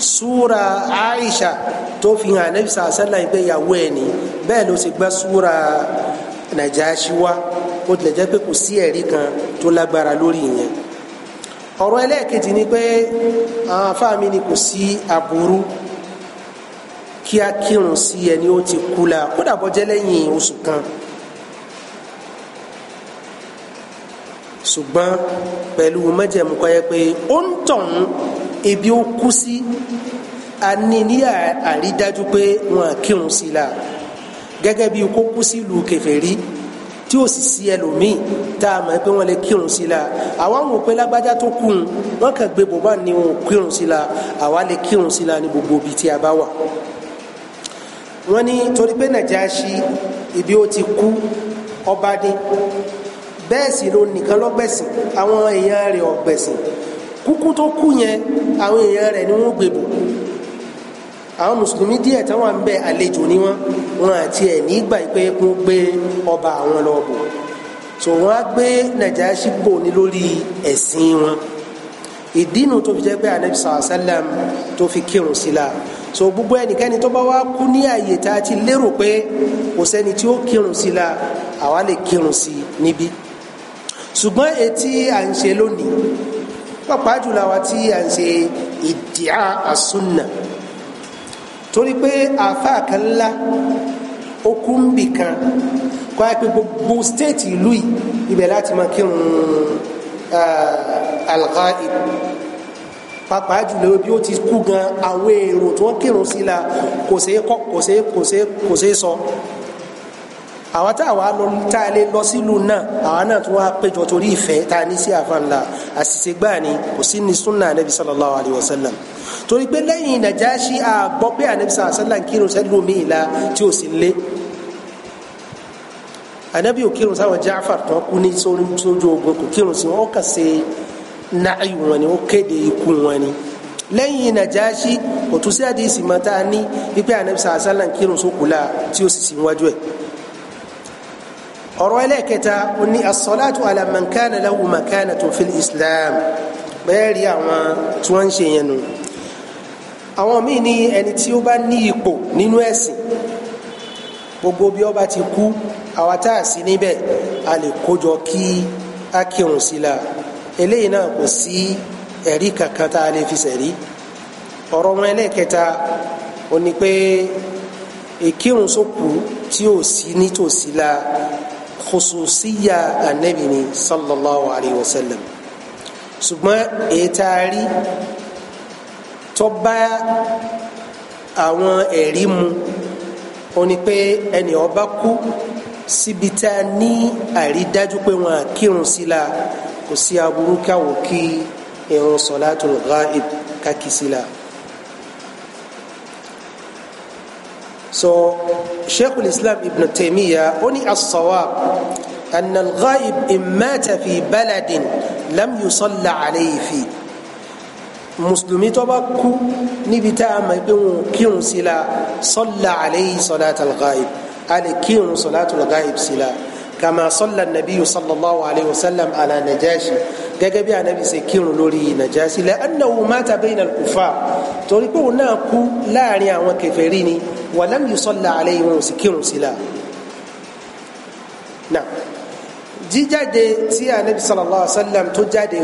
súra Aisha tó fi hàn anabi sàásánlá yìí pé ìyàwó ẹ̀ ni bẹ́ẹ̀ ló sì gbá súra Najashi wá ó tilẹ̀ jẹ́ pé kò sí ẹ̀rí kan tó lágbára lórí ìyẹn ọ̀rọ̀ ẹlẹ́ẹ̀kejì ni pé àwọn afáàmì ni kò sí aburú kí a kírun sí ẹni ó ti kú la kódà bọ́ jẹ́ lẹ́yìn oṣù kan ṣùgbọ́n pẹ̀lú mẹ́jẹ̀mú kọ́ pé ó ń tọ̀hún ebi ó kú sí a ní àrídájú pé wọn kírun sí la gẹ́gẹ́ bí kó kú sí ìlú kèfèrí tí ó sì sí ẹlòmíì tá a mọ̀ pé wọ́n lè kírun sí la àwa ń wò pé lágbájá tó kù wọn kàn gbé bòbá ni wọn ò kírun sí la àwa lè kírun sí la ní gbogbo ibi tí a bá wà wọ́n ní torí pé Nàjáṣì ibi ó ti kú ọba dé bẹ́ẹ̀ sì ló nìkan lọ́gbẹ̀sìn àwọn èèyàn rẹ̀ ọ̀gbẹ̀sìn kúkú tó kú yẹn àwọn èèyàn rẹ̀ ni wọ́n gbèbò àwọn mùsùlùmí díẹ̀ tí wọ́n ń bẹ àlejò ni wọ́n wọn àti ẹ̀ nígbà pé kún gbé ọba àwọn lọ bò so wọ́n á gbé Nàjáṣì bò ní lórí ẹ̀sìn wọn ìdínú tó fi jẹ́ pé anabi sàlám tó fi kírun sí la so gbogbo ẹnikẹ́ni tó bá wá kú ní àyè tá a ti lérò pé kò sẹ́ni tí ó kírun sí la àwa lè kírun sí níbí ṣùgbọ́n etí à ń ṣe lónìí pàápàá jùlọ àwa tí à ń ṣe ìdíà àsúnà torí pé àáfàá kan ńlá ó kú ń bì kan kọ́ ẹ pé gbogbo stéètì ìlú yìí ibẹ̀ láti máa kírun eh, alghaib pàápàá jùlọ bí ó ti kú gan àwọn èrò tí wọ́n kírun sí la kò ṣeé kò ṣeé kò ṣeé kò sọ. So àwa tá a wà lọ tá a lè lọ sílùú náà àwa náà tún wá péjọ torí ìfẹ́ tá a ní sí àfàǹlà àṣìṣe gbáà ni kò sí ní sunna anabi sallallahu alayhi wa sallam torí pé lẹ́yìn Najashi a gbọ́ pé anabi sallallahu alayhi wa sallam kírun sẹ́lùú mi ìlà tí ò sí lé anabi ò kírun sáwọn Jaafar tó kú ní sójú ogun kò kírun sí wọn ó kà ṣe náàyù wọn ni ó kéde ikú wọn ni lẹ́yìn Najashi kò tún sí àdìsí mọ́ta ní pípẹ́ anabi sallallahu alayhi wa sallam kírun sókùlà tí ò sì sí wájú ẹ̀ ọ̀rọ̀ ẹlẹ́ẹ̀kẹta ó ní asọ́látù ala man kana lahu makanatu fil islam bẹ́ẹ̀ rí àwọn tí wọ́n ń ṣe yẹn nù àwọn míì ní ẹni tí ó bá ní ipò nínú ẹ̀sìn gbogbo bí ó ti kú àwa tá a sí níbẹ̀ a lè kójọ kí a kírun sí la eléyìí náà kò sí ẹ̀rí kankan tá a lè fi sẹ̀rí ọ̀rọ̀ wọn ẹlẹ́ẹ̀kẹta ó ní pé ìkírun sókù tí ò sí nítòsí la khususiya anabi ni sallallahu alayhi wa sallam ṣùgbọ́n ètàrí tó bá àwọn ẹ̀rí mu ó ní pé ẹnì ọba kú síbi tá a ní àrídájú pé wọn à kírun sí la kò sí aburú káwọ kí irun sọlátùl ghaib kákì sí la. so sheikh islam ibn taymiya ó ní as-sawab an al-ghaib imata fi baladin lam yusalla alayhi fi mùsùlùmí tó bá kú níbi tá a mọ̀ pé wọn kírun sí la salla alayhi salata al-ghaib a lè kírun salatu al-ghaib sí la kama salla nabi sallallahu alayhi wa sallam ala najashi gẹ́gẹ́ bí anabi ṣe kírun lórí najashi la'annahu mata bayna al-kuffar torí pé òun náà kú láàrin àwọn kèfèrí ni wàlám yusalla alayhi wọn ò sì kírun sí la na jíjáde tí anabi sallallahu alayhi wa sallam tó jáde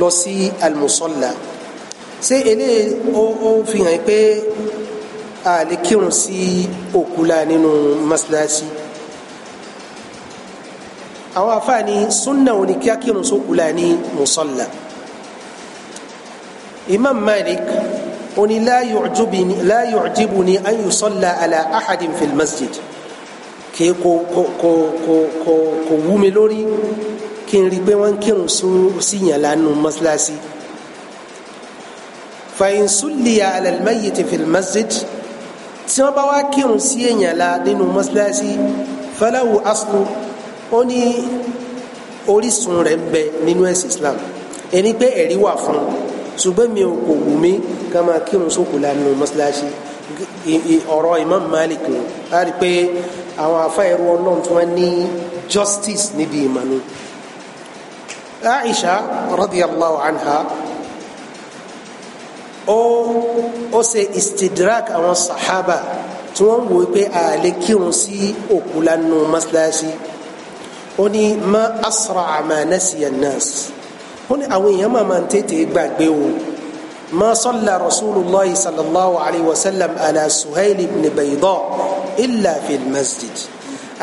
lọ sí almusalla ṣé eléyìí ó ó fi hàn pé a lè kírun sí òkú la nínú masalasi àwọn afáàní sunna òní kí a kírun sókú la ní musalla imam malik oni la yu'jibuni la yu'jibuni an yusalla ala ahadin fil masjid kí kò kò kò kò kò kò wú mi lórí kí n rí i pé wọ́n ń kírun sí yàn lánàá mọ́ṣáláṣí. fa in sulliya ala al-mayyit fil tí wọ́n bá wá kírun sí èèyàn la nínú mọ́ṣáláṣí falahu aslu ó ní orísun rẹ̀ bẹ nínú ẹ̀sìn Islam ẹni pé ẹ̀rí wà fún un ṣùgbọ́n mi ò kò wù mí ká máa kírun sókò lánàá mọ́ṣáláṣí ọ̀rọ̀ Imam Malik ni a rí i pé àwọn afáìrú ọlọ́run tí wọ́n ní justice níbi ìmọ̀nù. Aisha radiyallahu anha ó ó ṣe istidrak àwọn sahaba tí wọ́n wò pé a lè kírun sí òkú lánàá mọ́ṣáláṣí ó ní ma asra ma nasiya nas ó ní àwọn èèyàn máa máa ń tètè gbàgbé o ma salla rasulillah sallallahu alayhi wa sallam ala suhail ibn bayda illa fi masjid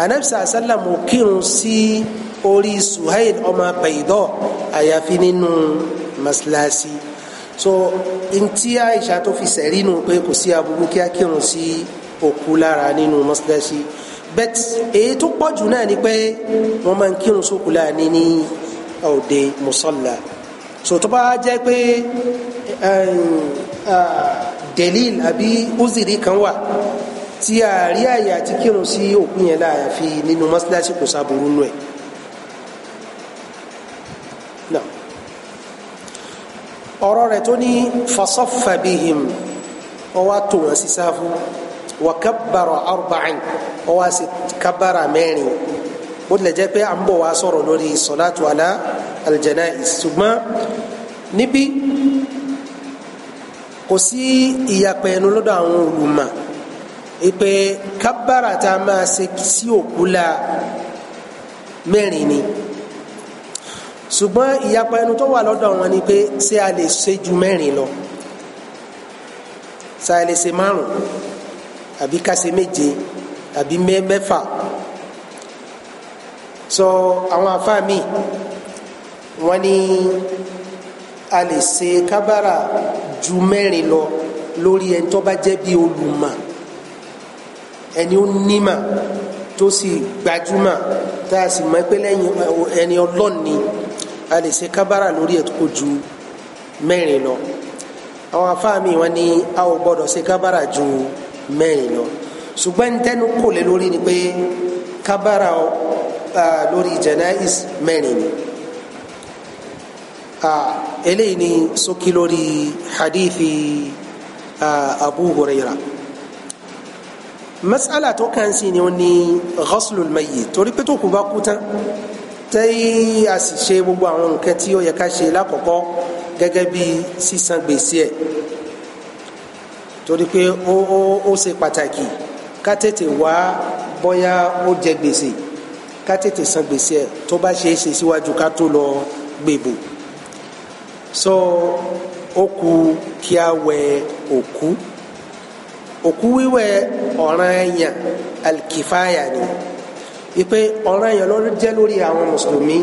anabisa asalam ò kírun sí orí suhail ọmọ bayda àyàfi nínú masilasi so ntí aisha tó fi sẹ̀rí nù pé kò sí aburú kí a kírun sí òkú lára nínú masilasi bẹ́ẹ̀ èyí tó pọ̀jù náà ni pé wọ́n máa ń kírun sókù láàrin a ò dé musalla sòtúbà jẹ́ pé delil àbí uziri kan wà tí a rí àyè àti kírun sí òkú yẹn láàyè fi nínú mọ́sálásí kò sábúrú nù ẹ̀. ọ̀rọ̀ rẹ̀ tó ní fasọ́fà ọwá tó wọn sí sáfù wà kábàrọ̀ arba'in ọwá sí kábàrà mẹ́rin bó tilẹ̀ jẹ́ pé à ń bọ̀ wá sọ̀rọ̀ lórí sọ̀láàtù àlá aljanais ṣùgbọ́n níbí kò sí ìyapẹ̀ ẹnu lọ́dọ̀ àwọn olùmọ̀ ìpè kábàrà tá a máa ṣe sí òkú la mẹ́rin ni ṣùgbọ́n ìyapẹ̀ ẹnu tó wà lọ́dọ̀ wọn ni pé ṣé a lè ṣe ju mẹ́rin lọ ṣé a lè ṣe márùn àbí ká ṣe méje àbí mẹ́fà. Me sọ àwọn àfáà mi wọ́n ní a lè ṣe kábàrà ju mẹ́rin lọ lórí ẹni tó bá jẹ́ bí olùmọ̀ ẹni ó nímà tó sì gbajúmọ̀ tá a sì mọ̀ pé lẹ́yìn ẹni ọlọ́ọ̀ni a lè ṣe kábàrà lórí ẹ̀ tó ju mẹ́rin lọ àwọn afáàmì wọn ni a ò gbọdọ̀ ṣe kábàrà ju mẹ́rin lọ ṣùgbọ́n tẹnu kò lè lórí ni pé kábàrà lórí janaiz mẹ́rin ni eléyìí ni ṣókí lórí hadithi abu huraira masala tó kàn sí ni ó ní ghaslul mayyit torí pé tó kù bá kú tán tẹ́yí a sì ṣe gbogbo àwọn nǹkan tí ó yẹ ká ṣe lákọ̀ọ́kọ́ gẹ́gẹ́ bí sísan gbèsè ẹ̀ torí pé ó ṣe pàtàkì ká tètè wá bóyá ó jẹ gbèsè ká tètè san gbèsè ẹ̀ tó bá ṣe é ṣe síwájú ká tó lọ gbèbò so ó kù kí a wẹ òkú òkú wíwẹ̀ ọ̀ràn ẹ̀yàn alkifaya ni ipe ọ̀ràn ẹ̀yàn lọ́dún jẹ́ lórí àwọn mùsùlùmí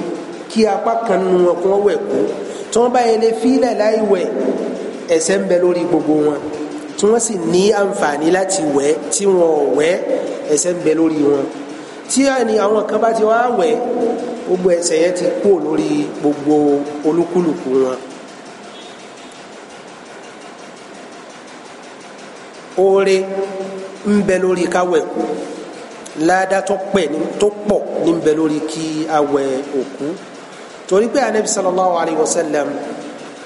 kí apá kan nu wọn kí wọ́n wẹ̀ kú tí wọ́n bá yẹn lè fílẹ̀ láì wẹ̀ ẹ̀ṣẹ̀ ń bẹ lórí gbogbo wọn tí wọ́n sì ní àǹfààní láti wẹ̀ tí wọn wẹ̀ ẹ̀ṣẹ̀ ń bẹ lórí wọn tí ẹni àwọn kan bá ti wá wẹ̀ gbogbo ẹ̀ṣẹ̀ yẹn ti kú lórí gbogbo olúkúlùkù wọn. oore ń bẹ lórí káwẹ̀ kú láàdá tó pẹ̀ tó pọ̀ ní ń bẹ lórí kí awẹ̀ òkú torí pé anabi sallallahu alayhi wa sallam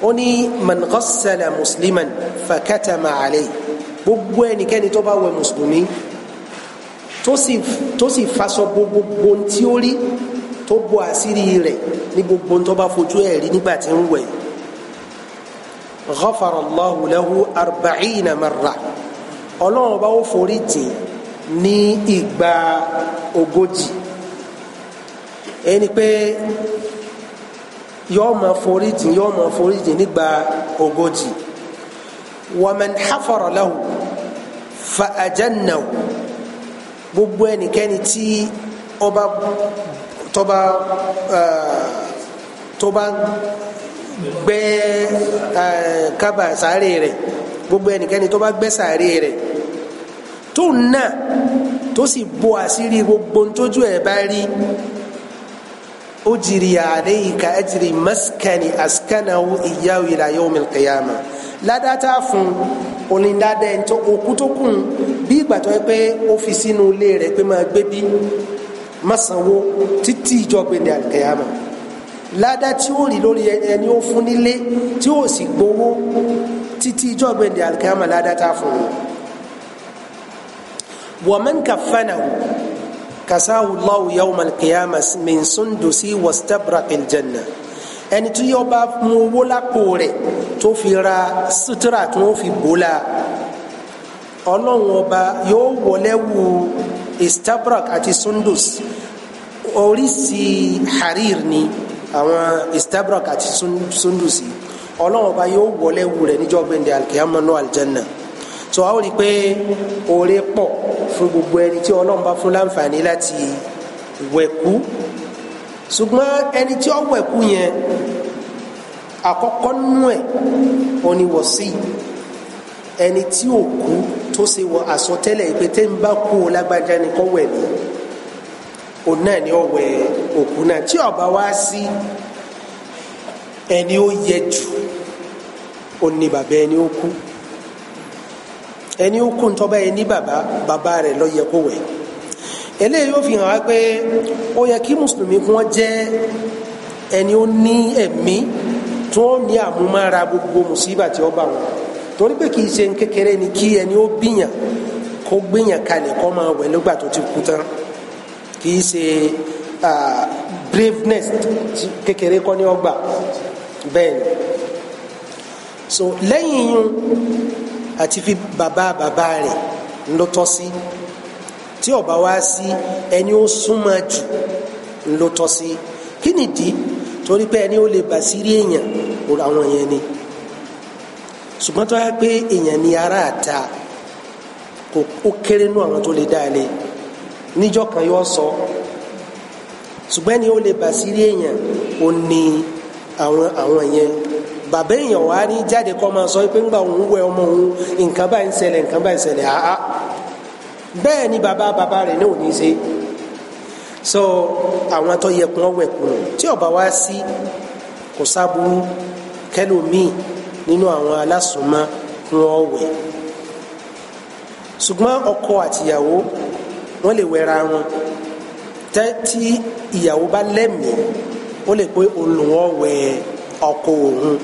ó ní man musliman fakatama alayhi gbogbo ẹnikẹ́ni tó bá wẹ̀ mùsùlùmí tó sì tó sì faṣọ gbogbo tí ó rí tó bo àṣírí rẹ̀ ní gbogbo tó bá fojú ẹ̀ rí nígbà tí ń wẹ̀ ghafarallahu lahu arba'ina marra ọlọ́run bá ó forí jì ní ìgbà ogójì ẹni pé yọọ ma forí jì yọọ ma forí jì nígbà ogójì waman hafara lahu fa ajannahu gbogbo ẹnikẹ́ni tí ọba tọba tọba gbẹ́ kábà sáré rẹ̀ gbogbo ẹnikẹ́ni tó bá gbẹ́ sáré rẹ̀ tó nà tó sì bo àṣírí gbogbo ntójú ẹ̀ bá rí ó jìrì àdéhìí ká ẹ ìyáwó ila yawmil qiyamah ládàtà fún onídàdà ẹni tó okú tó kùn bí ìgbà tó yẹ pé ó fi sínú ilé rẹ̀ pé máa gbé bí má sanwó títí ìjọba ìdí àkẹyàmọ ládà tí ó rí lórí ẹni ó fún nílé tí ó sì gbowó títí ìjọba ìdí àkẹyàmọ ládàtà fún un wọ́n kàfánà kàsáwù lọ́wọ́ yawmal qiyamah min sundusi wastabrakil jannah ẹni tí yóò bá mú owó lápò rẹ̀ tó fi ra sutura tí wọ́n fi bò la ọlọ́run ọba yóò wọlé wu istabrak àti sundus oríṣi harir ni àwọn istabrak àti sundus yìí ọlọ́run ọba yóò wọlé wu rẹ̀ níjọ́ gbẹ̀ndẹ̀ alikiyamanu aljanna so a ó rí i pé oore pọ̀ fún gbogbo ẹni tí ọlọ́run bá fún láǹfààní láti wẹ̀kú ṣùgbọ́n ẹni tí ọwọ́ ẹ̀kú yẹn àkọ́kọ́ nú ẹ̀ òní wọ̀ sí ẹni tí ò kú tó ṣe wọ àsọtẹ́lẹ̀ pé tẹ́ ń bá kú o lágbájá ni kọ́ wẹ̀ ni òun náà ni ọ̀wẹ̀ òkú náà tí ọba wá sí ẹni ó yẹ jù òun ni bàbá ẹni ó kú ẹni ó kú ń tọ́ bá ẹni bàbá bàbá rẹ̀ ló yẹ kó wẹ̀ ni eléyìí yóò fi hàn wá pé ó yẹ kí mùsùlùmí kí wọ́n jẹ́ ẹni ó ní ẹ̀mí tó ní àmúmára gbogbo mùsíbà tí ó wọn torí pé kì í ṣe kékeré ni kí ẹni ó bíyàn kó gbéyàn kalẹ̀ kó máa wẹ̀ lọ́gbà tó ti kú tán kì í ṣe braveness kékeré kọ́ ní ọgbà bẹ́ẹ̀ ni so lẹ́yìn yun àti fi bàbá bàbá rẹ̀ ń lọ tọ́ sí tí ó bá wá sí ẹni ó súnmọ́ jù ló tọ́ sí kí nìdí torí pé ẹni ó lè bà sírí èèyàn àwọn yẹn ni ṣùgbọ́n tó yẹ pé èèyàn ni ará àta kò ó kéré nú àwọn tó lè dá ilé níjọ́ kan yóò sọ ṣùgbọ́n ẹni ó lè bà sírí èèyàn ó ní àwọn àwọn yẹn bàbá èèyàn wá ní jáde kọ́ máa sọ pé ńgbà òun wẹ ọmọ òun nǹkan báyìí ń ṣẹlẹ̀ nǹkan báyìí ń ṣẹlẹ̀ àá bẹ́ẹ̀ ni baba bàbá rẹ̀ náà ò ṣe so àwọn tó yẹ kún ọwẹ kùn tí ọba wá sí kò sábúrú kẹlòmíì nínú àwọn alásùnmọ́ kún ọwẹ ṣùgbọ́n ọkọ àtìyàwó wọ́n lè wẹra wọn tẹ tí ìyàwó bá lẹ́mìí ó lè pé òun lòun ọwẹ ọkọ òun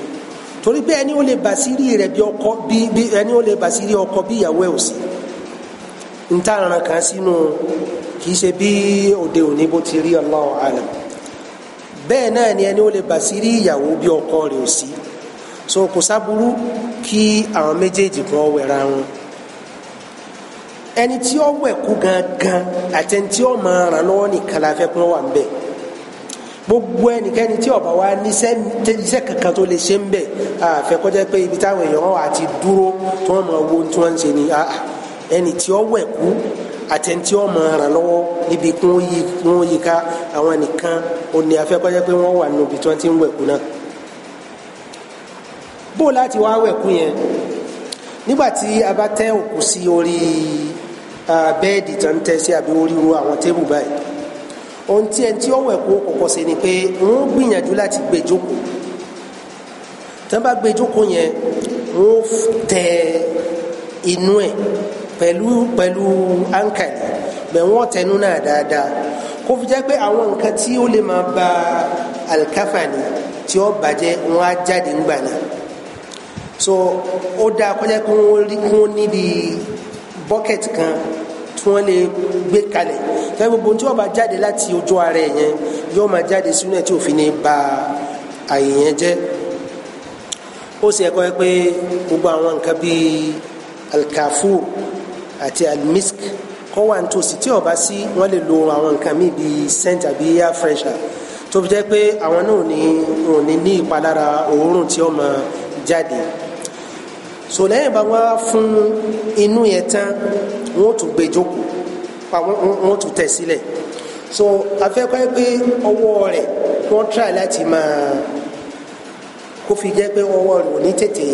torí pé ẹni ó lè bàṣírí rẹ̀ bí ọkọ bí ẹni ó lè bàṣírí ọkọ bí ìyàwó ẹ̀ ò sí ntàràn kan sínú kì í ṣe bí òde òní bó ti rí Allahu alam bẹ́ẹ̀ náà ni ẹni ó lè bàṣírí ìyàwó bí ọkọ rẹ̀ ò sí so kò sábúrú kí àwọn méjèèjì kan wẹ̀ra wọn ẹni tí ó wẹ̀kú gangan àti ẹni tí ó máa ràn lọ́wọ́ nìkan la fẹ́ kún wà ń bẹ̀ gbogbo ẹnikẹ́ni tí ọba wa níṣẹ́ iṣẹ́ kankan tó lè ṣe ń bẹ̀ àfẹ́kọ́jẹ́ pé ibi táwọn èèyàn wà ti dúró tí wọ́n máa wo tí wọ́n ń ṣe ni àà ẹni tí ó wẹ̀ kú àtẹ̀ntí ó máa ràn lọ́wọ́ níbi kún yí kún yí ká àwọn nìkan òní afẹ́kọ́jẹ́ pé wọ́n wà níbi tí wọ́n ti ń wẹ̀ kú náà bó láti wá wẹ̀ kú yẹn nígbà tí a bá tẹ́ òkú sí orí bẹ́ẹ̀dì tó ń tẹ́ sí àbí orí àwọn tébù báyìí ohun tí ẹni tí ó wẹ̀ kú kọ̀kọ́ ṣe ni pé wọ́n gbìyànjú láti gbé jókòó tí wọ́n bá gbé jókòó yẹn wọ́n tẹ inú ẹ̀ pẹ̀lú pẹ̀lú ankali bẹ̀ wọ́n tẹnu náà dáadáa kó fi jẹ́ pé àwọn nǹkan tí ó lè máa ba alikafani tí ó bàjẹ́ wọn á jáde ńgbà náà so ó dáa kọjá kí wọ́n níbi bucket kan tí wọ́n lè gbé kalẹ̀ fẹ́ gbogbo tí wọ́n bá jáde láti ojú ara ẹ̀ yẹn yóò máa jáde sínú ẹ̀ tí òfin ní ba àyè yẹn jẹ́ ó sì ẹ̀kọ́ yẹ pé gbogbo àwọn nǹkan bíi alikafu àti almisk kọ́ wà nítòsí tí ó bá sí wọ́n lè lo àwọn nǹkan míì bíi scent àbí air freshener tó fi jẹ́ pé àwọn náà ní wọn ní ní ìpalára òórùn tí ó jáde so lẹ́yìn bá wá fún inú yẹn tán wọ́n tún gbé jókòó wọ́n tún tẹ̀ sílẹ̀ so afẹ́kọ́ pé ọwọ́ rẹ̀ wọ́n try láti máa kó fi jẹ́ pé ọwọ́ rẹ̀ ò ní tètè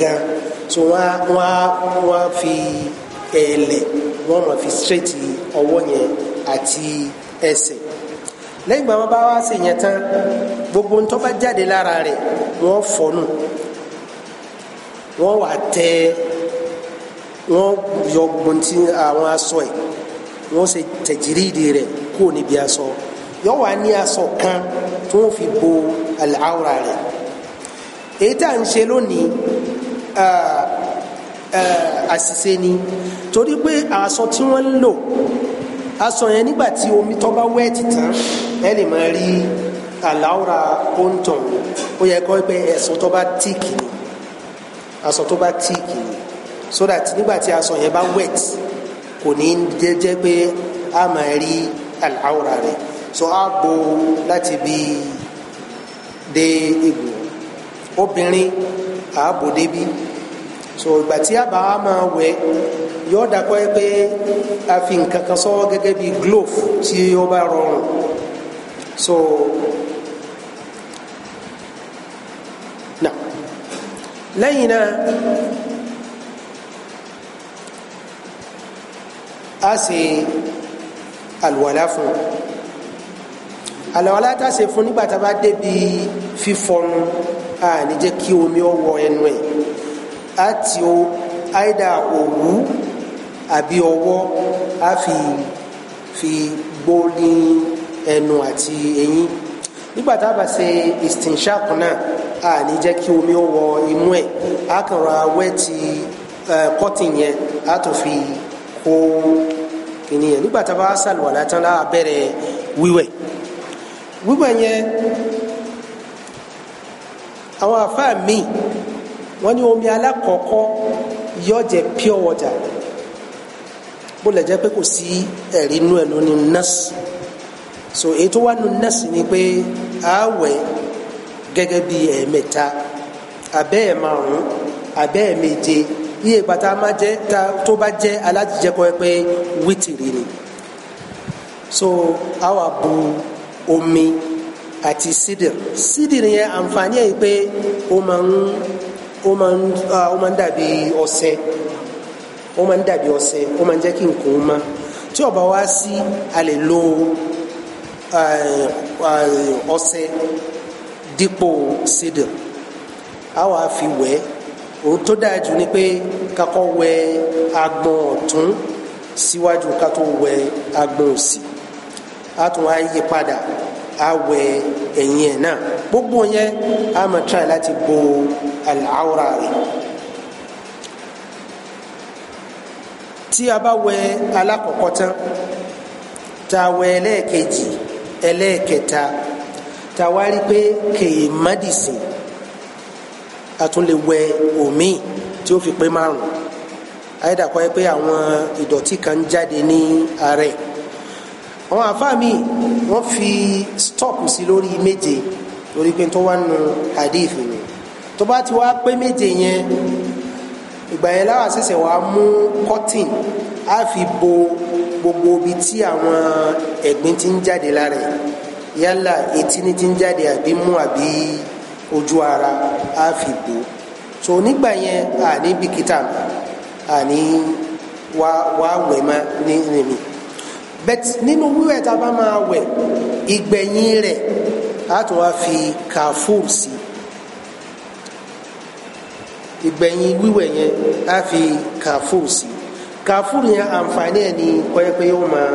gan so wọ́n á wọ́n á wọ́n á fi ẹ̀ẹ̀lẹ̀ wọ́n máa fi straight ọwọ́ yẹn àti ẹsẹ̀ lẹ́yìn ìgbà wọn bá wá sí yẹn tán gbogbo ń tó bá jáde lára rẹ̀ wọ́n fọnù wọ́n wà tẹ́ wọ́n yọ gbọ̀ntì àwọn aṣọ ẹ̀ wọ́n ṣe tẹ̀jìrìdì rẹ̀ kúrò níbi aṣọ yọ wà ní aṣọ kan tó ń fi bo àlàáwòrán rẹ̀ èyí tá à ń ṣe lónìí Eh, àṣìṣe ni torí pé aṣọ tí wọ́n ń lò aṣọ yẹn nígbà tí omi tó bá wẹ́ títàn ẹ lè máa rí àláwòrà oǹtàn ó yẹ kó pé ẹ̀sùn tó bá tíìkì ni aṣọ tó bá tíìkì ni so that nígbà tí aṣọ yẹn bá wet kò ní jẹ́jẹ́ pé a máa rí àláwòrà rẹ̀ so a bo láti bí dé egbò obìnrin ààbò débi so ìgbà tí a bá máa wẹ̀ yóò dàpọ̀ ẹ pé a fi nǹkan kan sọ gẹ́gẹ́ bí glove tí ó bá rọrùn so na lẹ́yìn náà a ṣe àlùwàlá fún un àlùwàlá tá a ṣe fún nígbà tá a bá débi fífọnu a jẹ́ kí omi ó wọ ẹnu ẹ̀. àti o àìdá òwú àbí ọwọ́ á fi fi gbó ẹnu àti eyín nígbà tá a bá ṣe istinshaq náà a ní jẹ́ kí omi ó wọ inú ẹ̀ a kàn ra wẹ́ẹ̀tì kọ́tìn yẹn a tó fi kó kìnìyàn nígbà tá a bá ṣàlùwàlá tán wiwe wiwe wíwẹ̀ wíwẹ̀ yẹn àwọn wọ́n ní omi alákọ̀ọ́kọ́ yóò jẹ́ pure water bó lè jẹ́ pé kò sí ẹ̀rí inú ẹ̀ lónìí nurse so èyí tó wà nù nurse ni pé àwẹ̀ gẹ́gẹ́ bí ẹ̀ẹ̀mẹ́ta abẹ́ ẹ̀ márùn-ún abẹ́ méje iye ìgbà tá a máa jẹ́ tó bá jẹ́ alájẹjẹkọ ẹ pé wítìrì ni so àwa bu omi àti sídìrì sídìrì yẹn àǹfààní ẹ̀ pé ó máa ń ó máa ń dàbí ọṣẹ ó máa ń dàbí ọṣẹ ó máa ń jẹ́ kí nǹkan ó má tí ó bá wá sí a lè lo ọṣẹ dípò sídìr a wàá fi wẹ̀ ohun dáa jù ni pé kakọ́ wẹ̀ agbọ̀n ọ̀tún síwájú ká tó wẹ̀ òsì a tún wá yí padà awẹ ẹ̀yìn ẹ̀ náà gbogbo yẹn a máa try láti bo àlàáwòrà rẹ̀ tí a bá wẹ alákọ̀ọ́kọ́ tán tá a wẹ ẹlẹ́ẹ̀kejì ẹlẹ́ẹ̀kẹta tá a wá pé kèé má a tún lè wẹ omi tí ó fi pé márùn ayédàkọ́ yẹ pé àwọn ìdọ̀tí kan jáde ní ara àwọn àfáà mi wọ́n fi stop sí lórí méje lórí pé tó wà nù hadith ni tó bá ti wá pé méje yẹn ìgbà yẹn láwà ṣẹ̀ṣẹ̀ wàá mú cotton á fi bo gbogbo ibi tí àwọn ẹ̀gbin ti ń jáde lára yálà etí ni ti ń jáde àbí mú àbí ojú ara á fi bò so nígbà yẹn àní bìkítà àní wàá wẹ̀ mọ́ ní nìmi bẹ́t nínú wíwẹ̀ tá a bá máa wẹ̀ ìgbẹ̀yìn rẹ̀ a tún wá fi kàfúr sí ìgbẹ̀yìn wíwẹ̀ yẹn a fi kàfúr sí kàfúr yẹn àǹfààní ẹ̀ ní kọ́yẹ́ pé yóò máa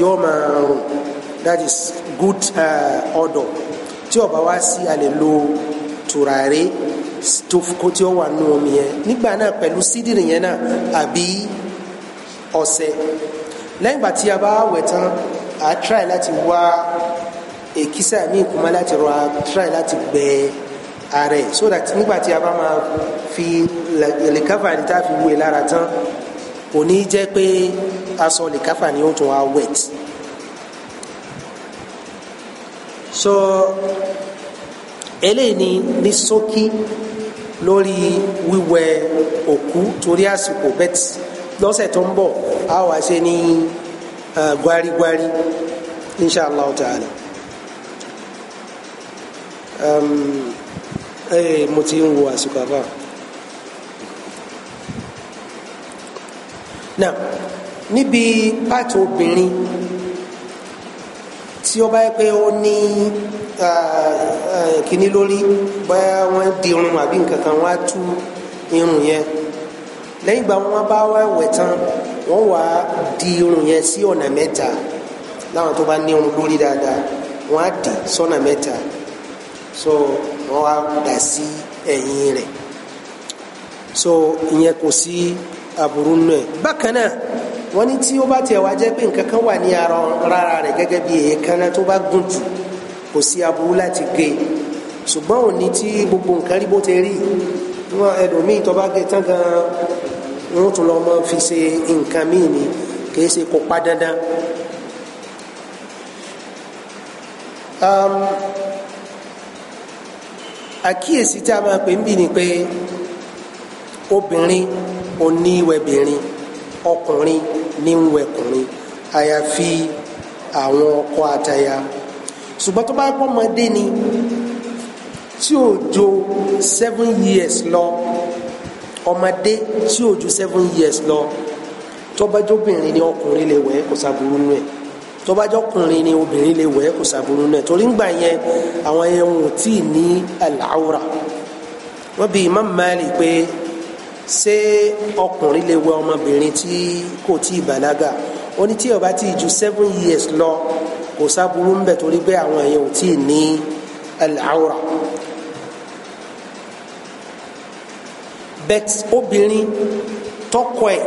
yóò máa rùn that is good uh, odor tí ó bá wá sí a lè lo tùràrí tó tí ó wà nù omi yẹn nígbà náà pẹ̀lú sídìrì yẹn náà àbí ọṣẹ lẹ́yìn ìgbà tí a bá wẹ̀ tán a try láti wá èkísà míì kúmá láti rọ a try láti gbẹ ara so that nígbà tí a bá máa fi lẹ́kàfà ní tá a fi wé lára tán kò ní jẹ́ pé aṣọ lẹ́kàfà ní ó tún wá wet so eléyìí ni ní ṣókí lórí wíwẹ̀ òkú torí àsìkò bẹ́tì lọ́sẹ̀ tó ń bọ̀ a wá ṣe ní gwarigwari insha allah ta'ala mo ti ń wo àsìkò àbá. náà níbi pàtó obìnrin tí ó bá yẹ pé ó ní kíní lórí bóyá wọ́n dirun àbí nǹkan kan wọ́n á tú irun yẹn lẹ́yìn ìgbà wọn bá wá wẹ̀ tán wọ́n wá di irun yẹn sí ọ̀nà mẹ́ta láwọn tó bá ní irun lórí dáadáa wọ́n á dì sọ́nà mẹ́ta so wọ́n á dà sí ẹ̀yìn rẹ̀ so ìyẹn kò sí aburú nù ẹ̀ bákan náà wọ́n ní tí ó bá tiẹ̀ wá jẹ́ pé nǹkan kan wà ní ara rẹ̀ gẹ́gẹ́ bí èékánná tó bá gùn jù kò sí aburú láti gé e ṣùgbọ́n òní tí gbogbo nǹkan rí bó ti rí wọn ẹlòmíì tó bá gé tán gan wọn tún lọ mọ fi ṣe nǹkan míì ni kì í ṣe kó pa dandan. Um, àkíyèsí tí a máa pè ń bì ni pé obìnrin oníwẹ̀bìnrin ọkùnrin níwẹ̀kùnrin àyàfi àwọn ọkọ àtaya ṣùgbọ́n tó bá pọ́nmọdé ni tí ò jo seven years lọ ọmọdé tí ò ju seven years lọ tọ́bájọ́bìnrin ni ọkùnrin lè wẹ̀ kó sábúrú nù ẹ̀ tọ́bájọ́kùnrin ni obìnrin lè wẹ̀ kó sábúrú nù ẹ̀ torí ń gbà yẹn àwọn yẹn wọn ò tí ì ní àlàáwòrà wọ́n bi Imam Malik pé ṣé ọkùnrin lè wẹ̀ ọmọbìnrin tí kò tí ì bàlágà ó ní tí ó bá ti ju seven years lọ kò sábúrú ń bẹ̀ torí pé àwọn yẹn ò tí ì ní àlàáwòrà. bet obìnrin tọkọ ẹ̀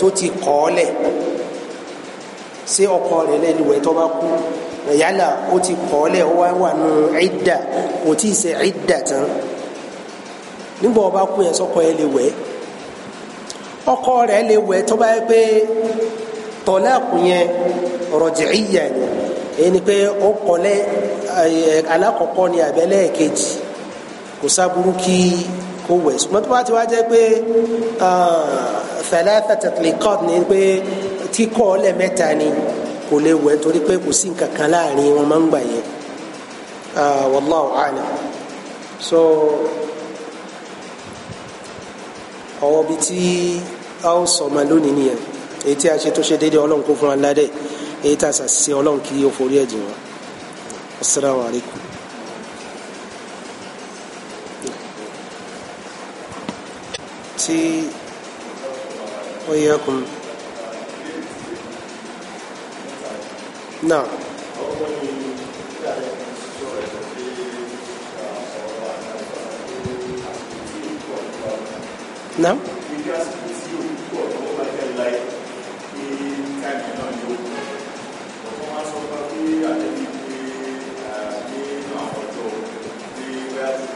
tó ti kọ̀ ọ́ lẹ̀ ṣé ọkọ rẹ̀ lẹ́nu ẹ̀ tó bá kú yálà ó ti kọ̀ ọ́ lẹ̀ ó wá wà nù ìdà kò tí ì ṣe ìdà tán nígbà ọba kú yẹn sọkọ ẹ̀ lè wẹ̀ ọkọ rẹ̀ lè wẹ̀ tó yẹ pé tọ́láàkù yẹn rọ̀jìíyà ni èyí ni pé ó kọ̀lẹ́ alákọ̀ọ́kọ́ ni àbẹ́lẹ́ kejì kò sábúrú kí kó wẹ̀ ṣùgbọ́n tó bá ti wá jẹ́ pé thalatha tatliqat ni pé kíkọ́ ọ̀lẹ̀ mẹ́ta ni kò lè wẹ̀ torí pé kò sí nǹkan kan láàrin wọn máa ń gbà yẹn wallahu a'lam so ọwọ́ bíi tí a ó sọ̀mọ́ lónìí nìyẹn èyí tí a ṣe tó ṣe déédéé ọlọ́run kó fún wa ládẹ́ èyí tí a ṣàṣìṣe ọlọ́run kí o forí ẹ̀ jìn wá asalaamualeykum. تي وإياكم نعم نعم Thank you.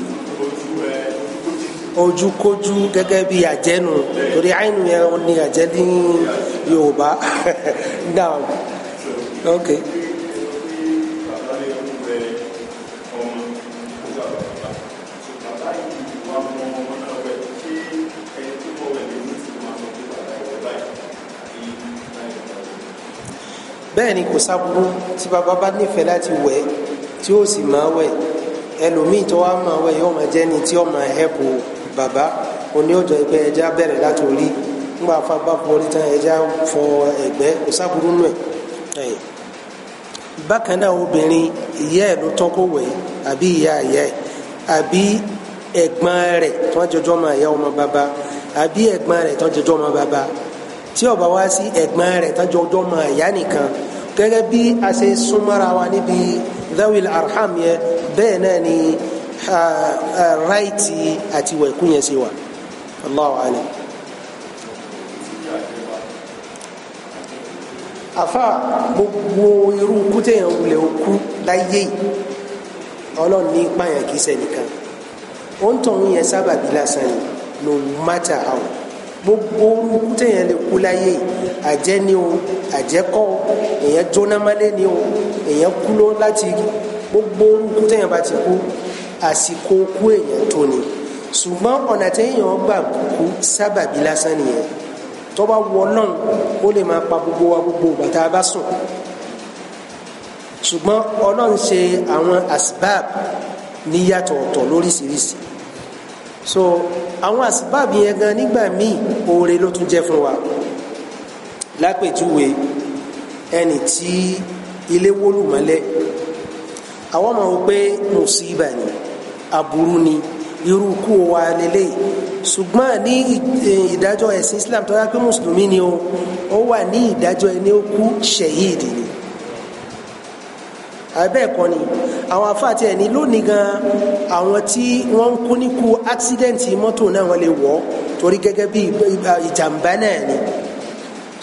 ojúkójú gẹ́gẹ́ bí àjẹnu torí àìnù yẹn ni àjẹ ní yorùbá down ok. bẹ́ẹ̀ ni kò sábúrú tí bàbá bá nífẹ̀ẹ́ láti wẹ̀ tí ó sì máa wẹ̀ ẹlòmíì tó wá máa wẹ̀ yóò máa jẹ́ ni tí ó máa hẹ́pù o. bàbá oní ọjọ́ ìpẹ ẹja bẹ̀rẹ̀ láti orí nígbà bá borí tán ẹja fọ ẹ̀gbẹ́ kò sábúrú nù ẹ bákan náà obìnrin ìyá ẹ ló tọ́ kó wẹ̀ àbí ìyá ìyá ẹ àbí ẹ̀gbọ́n rẹ̀ tó ń jọjọ́ ọmọ ìyá ọmọ bàbá àbí ẹ̀gbọ́n rẹ̀ tó ń jọjọ́ ọmọ bàbá tí ó wá sí ẹ̀gbọ́n rẹ̀ tó ń jọjọ́ ọmọ ìyá nìkan gẹ́gẹ́ bí a ṣe súnmọ́ra wa níbi dhawil arham yẹ bẹ́ẹ̀ náà ni ráìtì àti ìwà ìkú yẹn ṣe wà Allahu alam. àfa gbogbo irú kútẹ̀yàn wulẹ̀ okú láyé yìí ọlọ́run ní pààyàn kì í ṣẹnìkan ó ń tọ̀hún yẹn sábàbí lásán ni no matter how gbogbo orúkú téèyàn lè kú láyé àjẹ́ ni o àjẹ́kọ́ èèyàn jóná mọ́lé ni o èèyàn kú ló láti gbogbo orúkú téèyàn bá ti kú àsìkò kú èèyàn tó ni ṣùgbọ́n ọ̀nà téèyàn gbà kú sábàbí lásán nìyẹn tó bá wọ náà ó lè máa pa gbogbo wa gbogbo bàtà bá sùn ṣùgbọ́n ọlọ́run ṣe àwọn asbab níyàtọ̀ ọ̀tọ̀ lóríṣiríṣi so àwọn asbab yẹn gan nígbà míì oore ló tún jẹ́ fún wa lápèjúwe ẹni tí ilé wó lù mọ́lẹ̀ àwọn ọmọ wo pé mùsíbà ni aburú ni irú kú wa lélẹ̀ ṣùgbọ́n ní ìdájọ́ ẹ̀sìn Islam tó yá pé mùsùlùmí ni o ó wà ní ìdájọ́ ẹni ó kú ṣẹ̀yìdì ni àbẹ́ẹ̀kọ́ ni àwọn afáàtì ẹni lónìí gan àwọn tí wọ́n ń kú níkú accident mọ́tò náà wọ́n lè wọ́ torí gẹ́gẹ́ bí ìjàmbá náà ni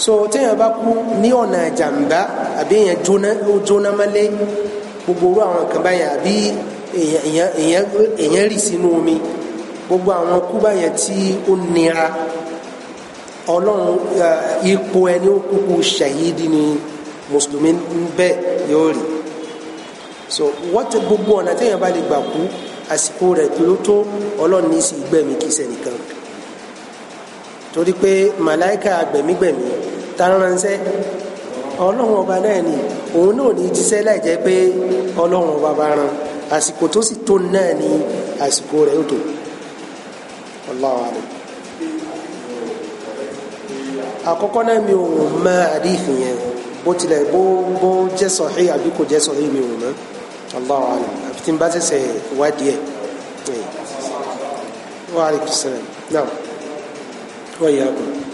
so téèyàn bá kú ní ọ̀nà ìjàmbá àbí èèyàn jóná mọ́lé gbogbo orú àwọn kan báyìí àbí èèyàn rì sínú omi gbogbo àwọn kúbà yẹn tí ó nira ọlọ́run ipò ẹni ó kúkú ṣàyídì ni mùsùlùmí bẹ́ẹ̀ yóò rí so wọ́n ti gbogbo ọ̀nà téèyàn bá lè gbà kú àsìkò rẹ̀ ló tó ọlọ́run ní sí gbẹ̀mí kì í nìkan. torí pé màláìka gbẹ̀mígbẹ̀mí tá a ránṣẹ́ ọlọ́run ọba náà ni òun náà ní jíṣẹ́ láì jẹ́ pé ọlọ́run ọba bá rán. àsìkò tó sì tó náà ni àsìkò rẹ̀ ó tó Allahu alam àkọ́kọ́ náà mi ò mọ àdìfì yẹn bó tilẹ̀ bó bó jẹ́ sọ̀hí àbí kò jẹ́ sọ̀hí mi ò mọ Allahu alam tí n bá ṣẹ̀ṣẹ̀ wádìí ẹ̀ wa alaykum náà wọ́n yà á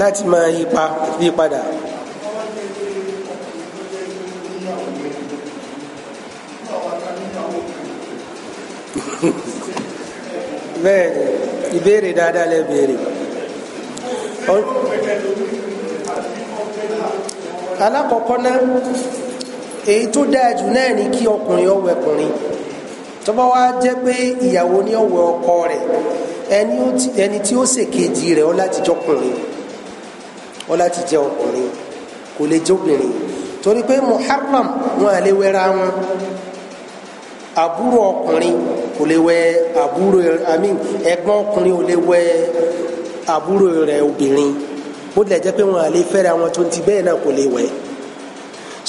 láti máa yípa yí padà. bẹ́ẹ̀ ni ìbéèrè dáadáa lẹ béèrè. alákọ̀ọ́kọ́ náà èyí tó dáa jù náà ni kí ọkùnrin ọwọ́ ẹkùnrin tó bá wá jẹ́ pé ìyàwó ní ọwọ́ ọkọ rẹ̀ ẹni tí ó ṣèkejì rẹ̀ ó láti jọkùnrin ó láti jẹ́ ọkùnrin kò lè jẹ́ obìnrin torí pé muharram wọn à lè wẹra wọn àbúrò ọkùnrin kò lè wẹ àbúrò àmì ẹ̀gbọ́n ọkùnrin ò lè wẹ àbúrò rẹ̀ obìnrin bó tilẹ̀ jẹ́ pé wọn à lè fẹ́ra wọn tó ti bẹ́ẹ̀ náà kò lè wẹ̀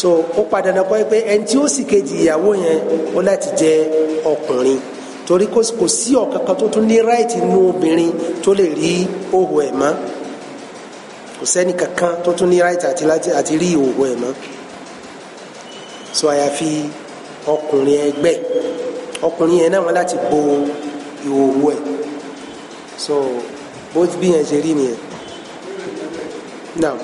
so ó padà náà kọ́ pé ẹni tí ó sì kejì ìyàwó yẹn ó láti jẹ́ ọkùnrin torí kò sí ọ̀kankan tó tún ní ráìtì nínú obìnrin tó lè rí òhò ẹ̀ mọ́ kò sẹ́ni kankan tó tún ní right àti láti àti rí ìhòòhò ẹ̀ mọ́ so àyàfi ọkùnrin ẹgbẹ́ ọkùnrin yẹn náà wọn láti bo ìhòòhò ẹ̀ so bó bí yẹn ṣe rí nìyẹn náà.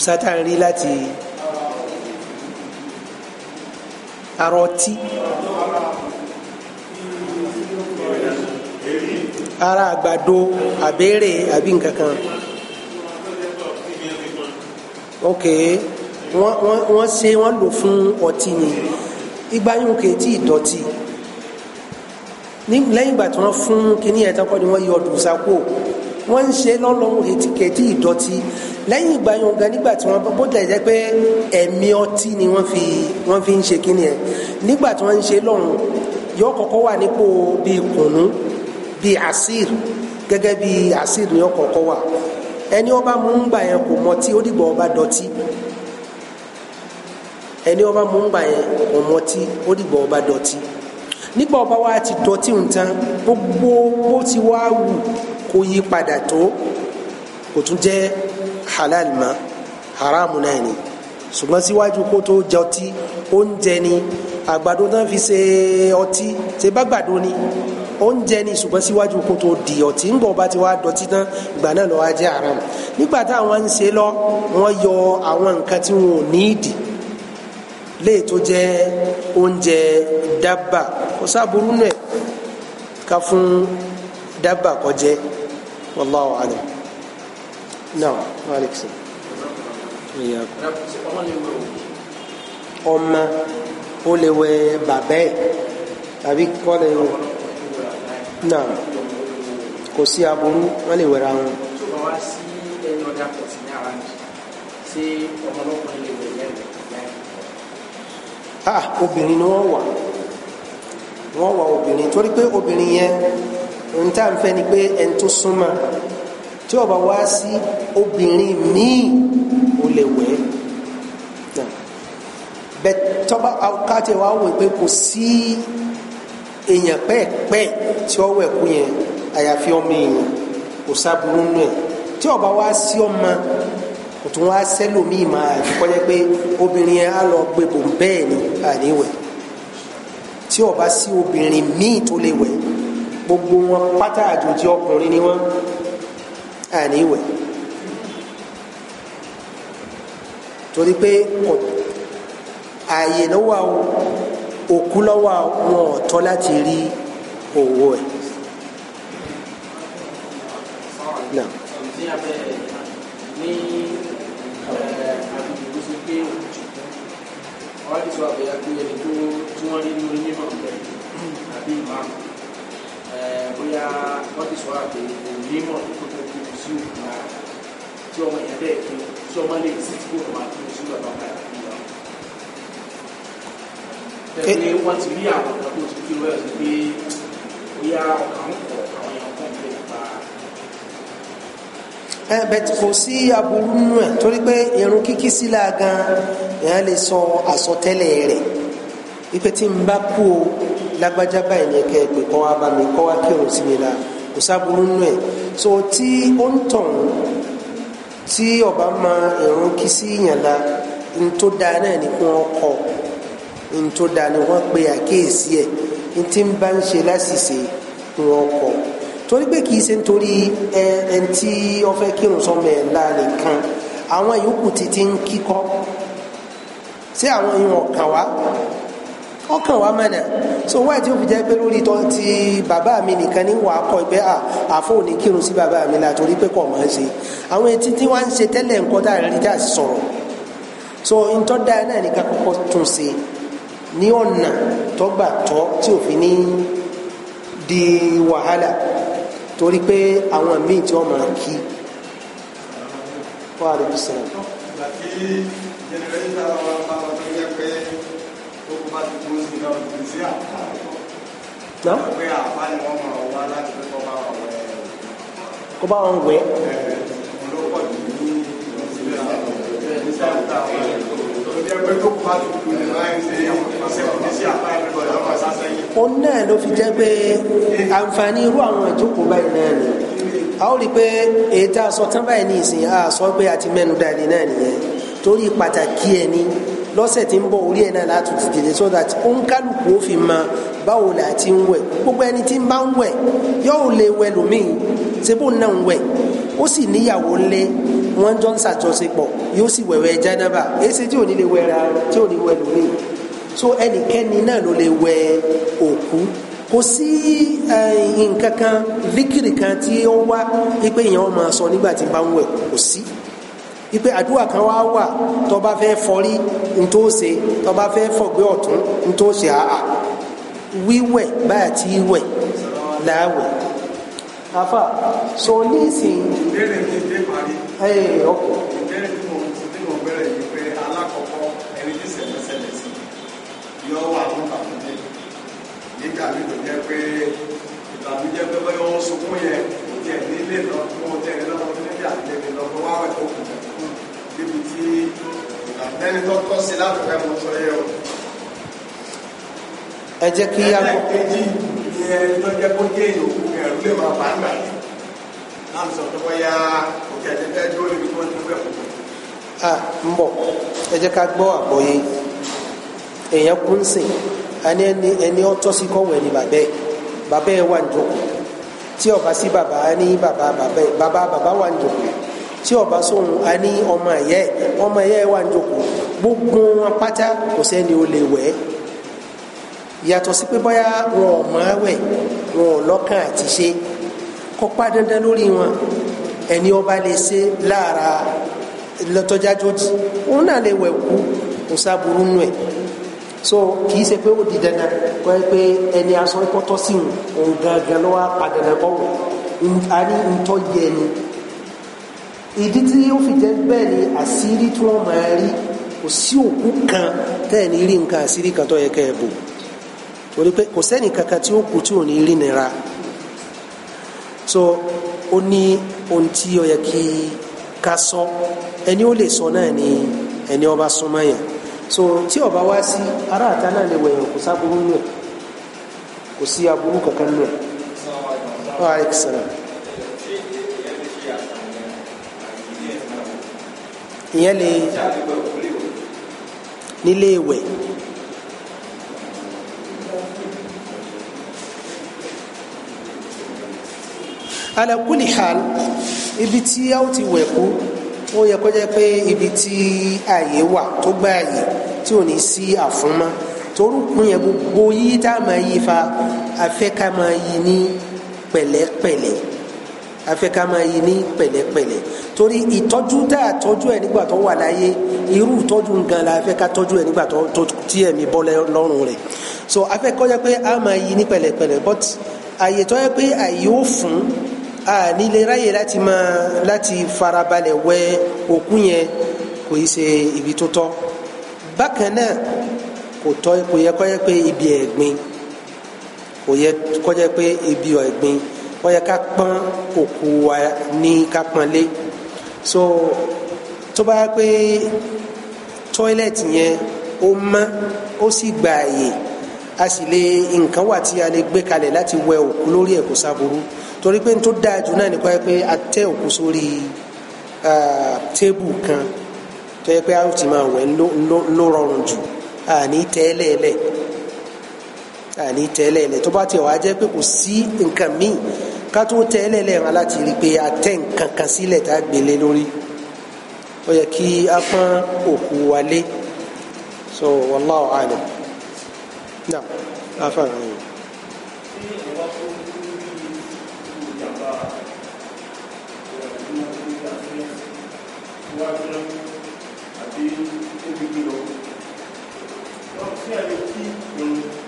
ìjùsá tá à ń rí láti arọtí ara àgbàdo àbẹ́rẹ́ àbí nǹkan kan ok wọ́n wọ́n wọ́n ṣe wọ́n lò fún ọtí ni igba yín kò tí ì dọ̀tí lẹ́yìn ìgbà tí wọ́n fún kíní ẹ̀ tán kọ́ ni wọ́n yọ ọdún sákò wọ́n ń ṣe lọ́lọ́run etikẹ́tì ìdọ̀tí lẹ́yìn ìgbà yẹn gan nígbà tí wọ́n bó tẹ̀ pé ẹ̀mí ọtí ni wọ́n fi wọ́n fi ń ṣe kíni ẹ̀ nígbà tí wọ́n ń ṣe lọ́run yọ kọ́kọ́ wà nípò bíi kùnú bíi asir gẹ́gẹ́ bíi asir yọ kọ́kọ́ wà ẹni ọba mú ń gbà yẹn kò mọtí ó dìgbà ọba dọtí ẹni ọba mú ń gbà yẹn kò mọtí ó dìgbà ọba dọtí nígbà ọba wa ti dọtí nǹkan gbogbo bó ti wá wù kó yí padà tó kò tún jẹ́ halal ma, haram náà ni ṣùgbọ́n síwájú kó tó jẹ ọtí oúnjẹ ni àgbàdo náà fi ṣe ọtí ṣe bá gbàdo ni oúnjẹ ni ṣùgbọ́n síwájú kó tó di ọtí ńgbọ̀ bá ti wá dọtí tán ìgbà náà lọ́wọ́ jẹ́ haram nígbà táwọn ń ṣe lọ wọ́n yọ àwọn nǹkan tí wọn ò ní ìdí léè tó jẹ́ oúnjẹ dábà kò sábúrú náà ká fún dábà kó والله أعلم نعم عليك سلام إياكم ọmọ ó lè wẹ̀ bàbá ẹ tàbí kọ́ lè wẹ̀ náà kò sí aburú wọn lè wẹra wọn. tó bá wá sí ẹni ọjà pẹ̀sì ní ara mi ṣé ọmọlọ́kùnrin lè wẹ̀ lẹ́nu láì. ah obìnrin ni wọ́n wà wọ́n wà obìnrin torí pé obìnrin yẹn ohun tá à ń fẹ́ ni pé ẹni tó súnmọ́ tí ó bá wá sí obìnrin míì ó lè wẹ̀ bẹ tọ́ba káàtì wa wò pé kò sí èèyàn pẹ́ẹ̀pẹ́ẹ̀ tí ó wẹ̀ kú yẹn àyàfi ọmọ èèyàn kò sábúrú nù ẹ̀ tí ó wá sí ọmọ kò tún wá sẹ́lòmíì máa àfikọ́jẹ́ pé obìnrin yẹn á lọ gbé bẹ́ẹ̀ ni àníwẹ̀ tí ó sí obìnrin míì tó lè wẹ̀ gbogbo wọn pátá àjòjì ọkùnrin ni wọn àníwẹ̀ torí pé ààyè lọ́wọ́ àwọn òkú lọ́wọ́ wọn ò tọ́ láti rí òwò ẹ̀. Náà. wọ́n á ti sọ àbẹ̀yà pé ẹni tó tí wọ́n rí nínú mímọ̀ àbí ìmáàmù bóyá wọ́n ti sọ̀rọ̀ àti onímọ̀ tó tó kí o sí òkú náà tí ọmọ yẹn bẹ́ẹ̀ kí o tí ọmọ lè sí tí kò máa kí o sí bàbá o ẹ̀sìn pé bóyá ọ̀kà ń pọ̀ àwọn èèyàn kan lè pa. ẹ bẹ́ẹ̀ kò sí aburú nù ẹ̀ torí pé irun kíkí sílá gan-an lè sọ àsọtẹ́lẹ̀ rẹ̀ wípé tí n bá kú o lágbájá báyìí ni kẹ́ ẹ pè kọ́ wá bá mi kọ́ wá kírun sí mi la kò sábúrú nù ẹ̀ so tí ó ń tàn tí ọba ma ìrun kí sí yàn la n tó da náà ni kí wọ́n kọ́ n tó da ni wọ́n pe àkíyèsí ẹ̀ n tí ń bá ń ṣe láṣìṣe kí wọ́n kọ́ torí pé kì í ṣe nítorí ẹ ẹ tí wọ́n fẹ́ kírun sọmọ ẹ̀ la nìkan àwọn yòókù ti ti ń kíkọ́ sí àwọn ìwọ̀n kàn wá ọkàn wa mọ̀nà so wáyé tí ó fi jẹ́ pé lórí tó ti bàbá mi nìkan ní wàá kọ́ ẹgbẹ́ àfọ òní kírun sí bàbá mi la torí pé kò máa ń ṣe àwọn etí tí wọ́n ń ṣe tẹ́lẹ̀ nǹkan tá à rí tá sọ̀rọ̀ so ntọ́ da ẹ náà nìkan kọ́kọ́ tún ṣe ní ọ̀nà tọ́gbà tọ́ tí òfin ní di wàhálà torí pé àwọn míì tí wọ́n máa kí wọ́n á rí bí sẹ́yìn bá ti dúró sí náà kò sí àpá. Nà. Pé àpá ni wọ́n máa wá láti fi kọ́ wọn wẹ̀. Kó wọn wẹ̀. Olókọ̀ jù ti ní láyé ṣe ọ̀sẹ̀ kò ní sí àpá náà ló fi jẹ́ pé àǹfààní irú àwọn ìjókòó báyìí náà ni a ó rí i pé èyí tá a sọ tán báyìí ní ìsìn a sọ pé a ti mẹ́nu dání náà nìyẹn torí pàtàkì ẹni lọ́sẹ̀ tí ń bọ̀ orí ẹ̀ náà láti dìde so that ó ń kálukú ó fi mọ báwo là á ti ń wẹ̀ gbogbo ẹni tí ń bá ń wẹ̀ yóò lè wẹ̀ lómìn sebó náà ń wẹ̀ ó sì níyàwó ńlé wọn jọ ń ṣàjọṣepọ̀ yóò sì wẹ̀wẹ̀ jánábà èsì tí ò ní lè wẹ̀ ra tí ò ní wẹ̀ lómìn so ẹnikẹ́ni náà ló lè wẹ̀ òkú kò sí eh, nǹkan vikiri kan tí ó wá pé èèyàn máa sọ nígbà tí ń bá ń wẹ̀ kò sí ipe àdúrà kan wá wà tó bá fẹ́ fọrí ntó ṣe tó bá fẹ́ fọ̀gbẹ́ ọ̀tún ntó ṣe àà wíwẹ̀ báyà tí wẹ̀ láàwẹ̀ afa so ní ìsìn. ìbéèrè lẹ́ni tó tọ́ sí láfọ̀kẹ́ mọ̀ sọ yẹ o. ẹ jẹ́ kí yá kọ́. ẹlẹ́kejì ni ẹni tó jẹ́ kó jẹ́ èèyàn òkú ẹ̀rú lè máa bá ń gbà yìí láti sọ pé bóyá òkè ẹ̀dẹ́gbẹ́ dúró níbi tó ń tó bẹ̀ kú. a ń bọ̀ ẹ jẹ́ ká gbọ́ àgbọ́yé èèyàn kú ń sìn ẹni ẹni ọtọ́ sí kọ́wọ́ ẹni bàbẹ́ bàbẹ́ wà ń jókòó tí ọba sí bàbá ẹni bàbá bàbá bàbá wà ń jókòó tí ọba sóhun a ní ọmọ ẹ̀yẹ ọmọ ẹ̀yẹ wà níjòkó gbogbo wọn pátá kò sẹ́ni ó lè wẹ̀ yàtọ̀ sí pé bóyá wọn ò mọ̀ wẹ̀ wọn àti ṣe kó dandan lórí wọn ẹni ọba lè ṣe lára lọ́tọ́jájọ́jì òun náà lè wẹ̀ kú kò sábúrú nù ẹ̀ so kì í ṣe pé ó di dandan kọ́ ẹ pé ẹni aṣọ ìkọ́tọ́ sí òun gangan ló wá padà nàkọ́ wọ̀ a ní ntọ́ yẹ ni ìdí tí ó fi jẹ́ bẹ́ẹ̀ ni àṣírí tí wọ́n máa rí kò sí òkú kan tẹ́ẹ̀ni rí nǹkan àṣírí kan tó yẹ kẹ́ ẹ bò torí pé kò sẹ́ni kankan tí ó kù tí ò ní rí nira so ó ní ohun tí ó yẹ kí ká sọ ẹni ó lè sọ náà ni ẹni ọba súnmọ́ yẹn so tí ọba wá sí aráàta náà lè wẹ̀yàn kò sáburú nù ẹ̀ kò sí aburú kankan nù ẹ̀. Wa alaikum ìyẹn le nílé ìwẹ̀ ala kuli hal ibi tí a ó ti wẹ̀ kú ó yẹ kó jẹ́ pé ibi tí ààyè wà tó gba ààyè tí ò ní sí àfúnmọ́ torúkún yẹn gbogbo yí tá a máa yí fa afẹ́ ká máa yí ní pẹ̀lẹ́pẹ̀lẹ́ afẹ́ ká máa yí ní pẹ̀lẹ́pẹ̀lẹ́ torí ìtọ́jú tá a tọ́jú ẹ̀ nígbà tó wà láyé irú ìtọ́jú gan la afẹ́ ká tọ́jú ẹ̀ nígbà tó tí ẹ̀mí bọ́ lọ́rùn rẹ̀ so afẹ́ kọjá pé a máa yí ní pẹ̀lẹ́pẹ̀lẹ́ but àyè tó yẹ pé àyè ó fún a nílé ráyè láti máa láti farabalẹ̀ wẹ òkú yẹn kò í ṣe ibi tó tọ́ bákan náà kò tọ́ kò yẹ kó pé ibi ẹ̀gbin kò yẹ kó pé ibi ẹ̀gbin wọ́n yẹ ká pọ́n òkú wa ní ká pọ́n lé so tó bá yẹ pé tọ́ílẹ̀tì yẹn ó mọ́ ó sì gba àyè a sì lè nǹkan wà tí a lè gbé kalẹ̀ láti wẹ òkú lórí ẹ̀kọ́ sáburú torí pé n tó dáa jù náà nípa pé a tẹ òkú sórí tébù kan tó yẹ pé a ó ti máa wẹ̀ ń ló rọrùn jù àní tẹ́lẹ̀ lẹ́ẹ̀ àní tẹ́lẹ̀ lẹ̀ tó bá tiẹ̀ wá jẹ́ pé kò sí nǹkan míì ká tó tẹ́lẹ̀ lẹ̀ wọn láti rí i pé a nǹkan kan sílẹ̀ tá a gbélé lórí ó yẹ kí a pọ́n òkú wálé so wallahu alam náà afa mi. Thank you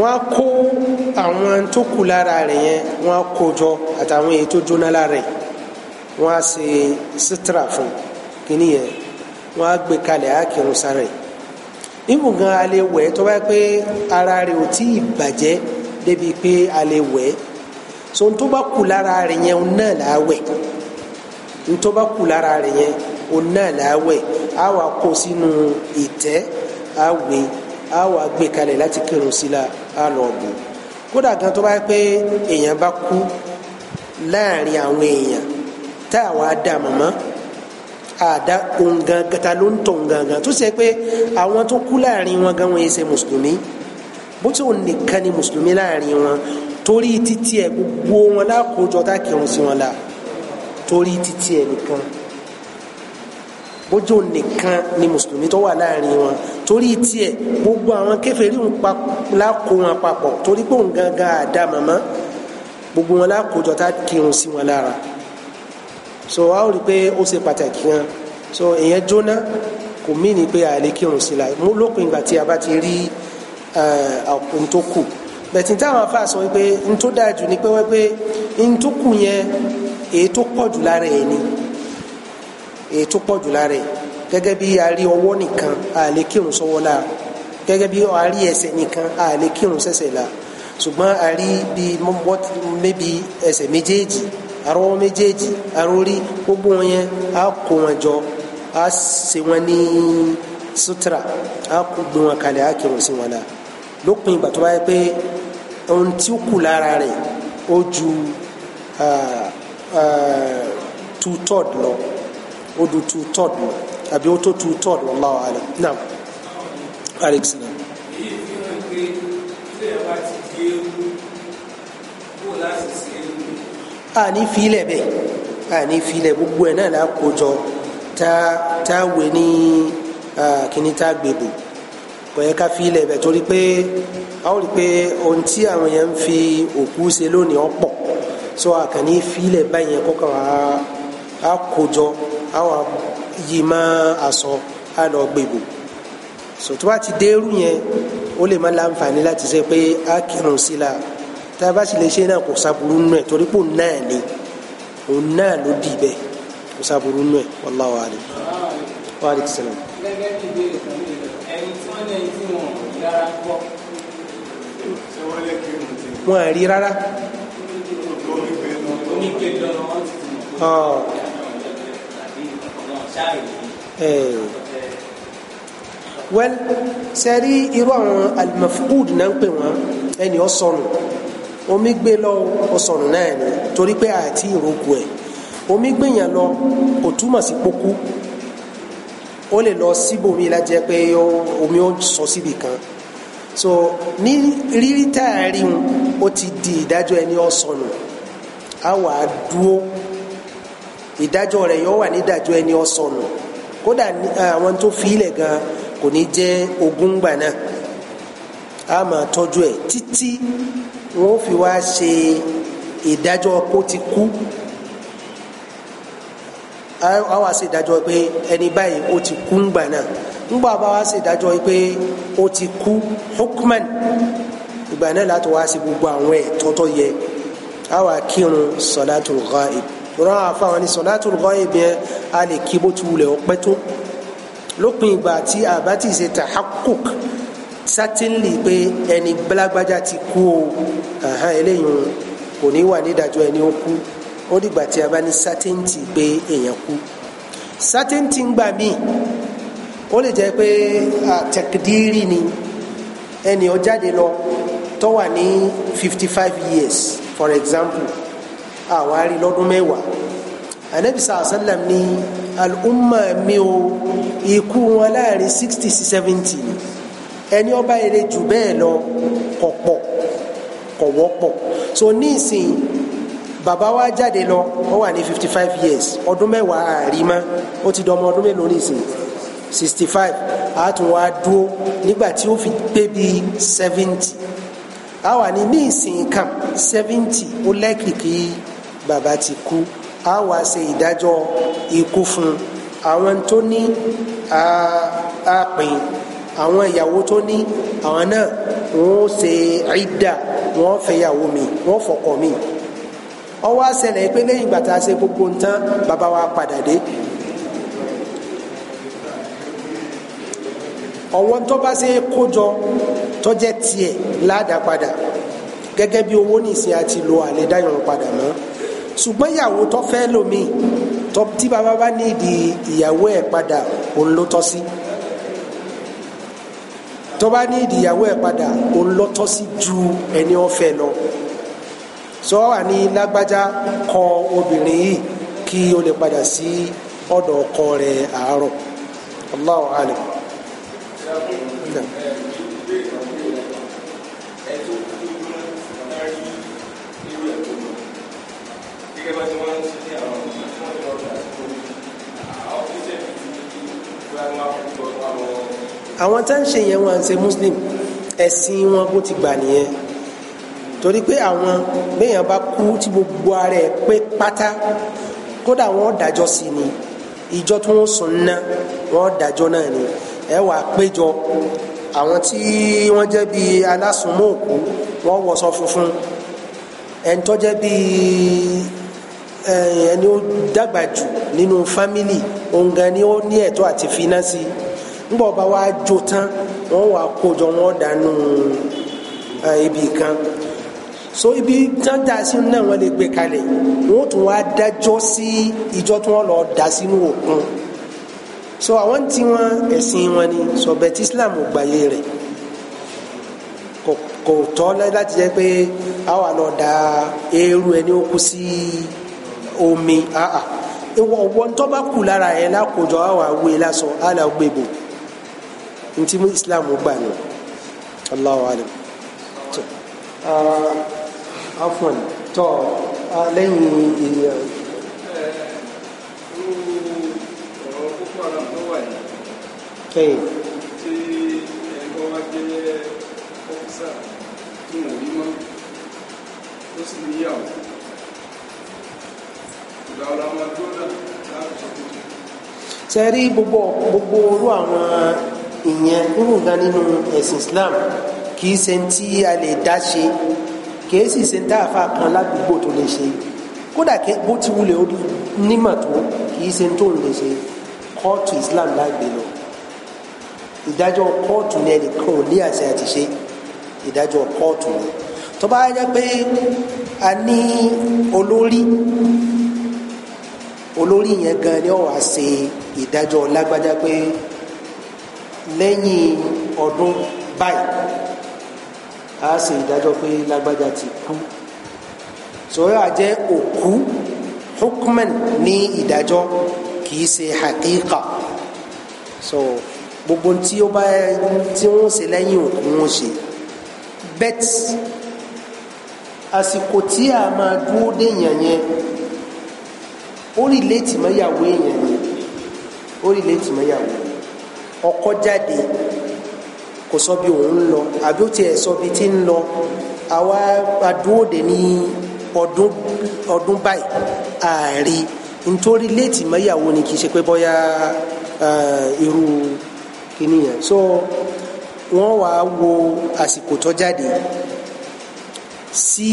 wọ́n kó àwọn tó kù lára rẹ̀ yẹn wọ́n kó jọ àtàwọn èyí tó jóná lára rẹ̀ wọ́n á ṣe sítírà fún kínní yẹn wọ́n á gbé kalẹ̀ á kírun sára rẹ̀ níbo gan a lè wẹ̀ tó bá pé ara rẹ̀ ò tí ì bàjẹ́ débi pé a wẹ̀ so n bá kù lára rẹ̀ yẹn òun náà là wẹ̀ n bá kù lára rẹ̀ yẹn òun náà là wẹ̀ a wà kó sínú ìtẹ́ a wé a wà gbé kalẹ̀ láti kírun sí la a lọ bù kódà gan tó bá yẹ pé èèyàn bá kú láàrin àwọn èèyàn tá a wà dà mọ́mọ́ àdá ohun gangan ta ló ń tọ̀ ohun gangan tó ṣe pé àwọn tó kú láàrin wọn gan wọn yìí ṣe mùsùlùmí bó tí òun nìkan ni mùsùlùmí láàrin wọn torí títí ẹ gbogbo wọn lákòójọ tá kírun sí wọn la torí títí ẹ nìkan ó jẹ́ ni mùsùlùmí tó wà láàrin wọn torí tiẹ̀ gbogbo àwọn kèfèrí ń pa lákò wọn papọ̀ torí pé òun gangan àdá màmá gbogbo wọn lákòjọ tá kírun sí wọn lára so a ó rí i pé ó ṣe pàtàkì gan so ìyẹn jóná kò mí ni pé àlè kírun sí la mú lópin ìgbà tí a bá ti rí ọkùnrin eh, tó kù bẹ̀tì táwọn afa sọ wípé n tó dáa jù ni pé wípé n tó kù yẹn èyí tó pọ̀ jù lára ẹ̀ ni èyí tó pọ̀ jù lára ẹ̀ gẹ́gẹ́ bí a rí ọwọ́ nìkan a lè kírun sọ́wọ́ la gẹ́gẹ́ bí a rí ẹsẹ̀ nìkan a lè kírun sẹ́sẹ̀ la ṣùgbọ́n a rí bí mẹ́bi ẹsẹ̀ méjèèjì arọ́wọ́ méjèèjì arórí gbogbo wọn yẹn a kó wọn jọ a ṣe wọn ní sutura a gbé wọn kalẹ̀ a kírun sí wọn la lópin ìgbà tó bá yẹ pé ohun tí ó kù lára rẹ̀ ó ju ah, ah, two third lọ ó du two third wọn àbí ó tó two third wallahu alam naam alex naam. a ní filẹ̀ bẹ́ẹ̀ a ní filẹ̀ gbogbo ẹ̀ náà la kó jọ tá tá wé ní kíní tá gbèbò kò yẹ ká filẹ̀ bẹ́ẹ̀ torí pé a ó rí i pé ohun tí àwọn yẹn ń fi òkú ṣe lónìí ọ̀pọ̀ so a kàn ní filẹ̀ báyẹn kó a kó àwọn yìí máa aṣọ á lọ gbèbò sòtú bá ti dérú yẹn ó lè má láǹfààní láti ṣe pé á kírun sí la tá a bá sì lè ṣe náà kò sábúrú nù ẹ torí pò náà ni òun náà ló dì bẹ́ẹ̀ kò sábúrú nù ẹ wallahu wa alayhi salam. gẹ́gẹ́ bí ẹni tí wọ́n lè tí wọ́n rárá gbọ́ ṣé wọ́n lè kírun sí. wọ́n rí rárá. oníkejì ọ̀nà wọn ti tì mọ́. Eh. well sẹ́rí irú àwọn al-mafqud náà ń pè wọ́n ẹni ó sọnù omi gbé lọ ó sọnù náà ni torí pé àti ìrókù ẹ̀ omi gbìyàn lọ kò túmọ̀ sí pókú ó lè lọ síbòmí lájẹ pé omi ó sọ síbì kan so ní rírí táàrí ó ti di ìdájọ́ ẹni ó sọnù á ìdájọ́ rẹ̀ yọ wà nídàjọ́ ẹni ọ̀sọ̀nù kódà eh, àwọn tó fi ilẹ̀ gan kò ní jẹ́ ogún gbà náà a máa tọ́jú ẹ̀ títí wọ́n fi wá ṣe ìdájọ́ kó ti kú a wá ṣe ìdájọ́ pé ẹni báyìí ó ti kú ńgbà náà ńgbà bá wá ṣe ìdájọ́ pé ó ti kú hukman ìgbà náà láti wá ṣe gbogbo àwọn ẹ̀ tọ́tọ́ yẹ a wá kírun salatul ghaib rán àfàwọn ní sọ̀látùl ghaib yẹn a lè kí bó ti wulẹ̀ ọpẹ́ tó lópin ìgbà tí àbá ti ṣe tahakkuk sátínlì pé ẹni gbalagbájá ti kú o eléyìí kò ní wà nídàjọ́ ẹni ó kú ó dìgbà tí a bá ní sátẹ́ǹtì pé èèyàn kú sátẹ́ǹtì ń gbà míì ó lè jẹ́ pé àtẹ̀kídírì ni ẹnì ó jáde lọ tó wà ní fifty five years for example àwárí lọ́dún mẹ́wàá anabi sàásálàm ní al'umma mi o ikú wọn láàrin sixty sí seventy ẹni ọba eré jù bẹ́ẹ̀ lọ kọ̀ pọ̀ kọ̀ wọ́pọ̀ so ní ìsìn bàbá wa jáde lọ ó wà ní fifty five years ọdún mẹ́wàá àrímá ó ti dọmọ ọdún mélòó ní ìsìn sixty five àtún wa dúró nígbà tí ó fi pé bíi seventy àwa ní ní ìsìn kan seventy ó lẹ́kìkì. Like bàbá ti kú a wá ṣe ìdájọ́ ikú fún àwọn tó ní a pín àwọn ìyàwó tó ní àwọn náà wọn ó ṣe ìdá wọn fẹ́yàwó mi wọn fọkọ mi ó wá ṣẹlẹ̀ pé lẹ́yìn ìgbà tá a ṣe gbogbo nǹkan bàbá wa padà dé ọwọ́ tó bá ṣe kójọ tó jẹ́ tiẹ̀ ládàá padà gẹ́gẹ́ bí owó nìsín àti lo àlè dáyọ̀rọ̀ padà mọ́. No? ṣùgbọ́n ìyàwó tó fẹ́ lomi tí bàbá bá ní ìdí ìyàwó ẹ̀ padà òun ló tọ́ sí tó bá ní ìdí ìyàwó ẹ̀ padà òun ló tọ́ sí ju ẹni ó fẹ́ lọ sọ wà ní lágbájá kọ obìnrin yìí kí o lè padà sí ọ̀dọ̀ ọkọ rẹ̀ àárọ̀ Allahu alim. àwọn tá ń ṣe yẹn wọn à muslim ẹ̀sìn wọn bó ti gbà nìyẹn torí pé àwọn béèyàn bá kú tí gbogbo ara ẹ̀ pé pátá kódà wọn dájọ́ sí ni ìjọ tí wọn sùn ná wọn dájọ́ náà ni ẹ wàá péjọ àwọn tí wọn jẹ́ bíi alásùnmọ́ wọn wọṣọ funfun ẹni jẹ́ bíi ẹni ó dàgbà jù nínú fámìlì òun ni ó ní ẹ̀tọ́ àti fínásì. Si ńgbọ́ ọba wa jó tán wọ́n wà kójọ wọ́n dànù ibi kan so ibi tán da sí náà wọ́n lè gbé kalẹ̀ wọ́n tún wá dájọ́ sí ìjọ tí wọ́n lọ dà sínú òkun so àwọn tí wọ́n ẹ̀sìn wọn ni sọ̀bẹ̀tì Islam gbàyè rẹ̀ kò tọ́ láti jẹ́ pé a wà lọ da eérú ẹni ó kú sí omi àà ìwọ̀ ọ̀wọ́ ń tọ́ bá kù lára ẹ̀ e, lákòjọ àwọn àwé lásán á là gbèbò ntí islam gbà ní Allahu alam tó afọn tó lẹ́yìn ìyẹn. kẹ́yìn. tí ẹ̀gbọ́n wa jẹ́ ọ́fíìsà tí wọ́n rí mọ́ ó sì níyàwó ìgbà ọ̀la máa dúró náà láàrú sọ́kùnrin. gbogbo gbogbo orú àwọn ìyẹn nínú gan nínú ẹ̀sìn Islam kì í ṣe tí a lè dá ṣe kì í sì ṣe tá a fa kan ládùúgbò tó lè ṣe kódà bó ti wulẹ̀ ó nímọ̀ tó kì í ṣe tó lè ṣe kóòtù Islam lágbè lọ ìdájọ́ kóòtù ni ẹnìkan ò ní àṣẹ àti ṣe ìdájọ́ kóòtù ni tó bá jẹ́ pé a ní olórí olórí yẹn gan ni ó wá ṣe ìdájọ́ lágbájá pé lẹ́yìn ọdún báyìí a ṣe ìdájọ́ pé lágbájá ti kú sọ́yọ́ àjẹ́ òkú hukman ní ìdájọ́ kìí ṣe hakika so gbogbo tí ó bá tí wọ́n ṣe lẹ́yìn òkú wọn ṣe bet àsìkò tí a máa dúró déèyàn yẹn ó rí létí mọ́yàwó èèyàn yẹn ó rí létí mọ́yàwó ọkọ jáde kò sọ bí òun lọ àbí ó tiẹ̀ sọ bí tí ń lọ àwa adúróde ní ọdún ọdún báyìí ààrí nítorí léètì mọ́yàwó ni kì í ṣe pé bọ́yá irú kìíní yẹn so wọ́n wàá wo àsìkò tó jáde sí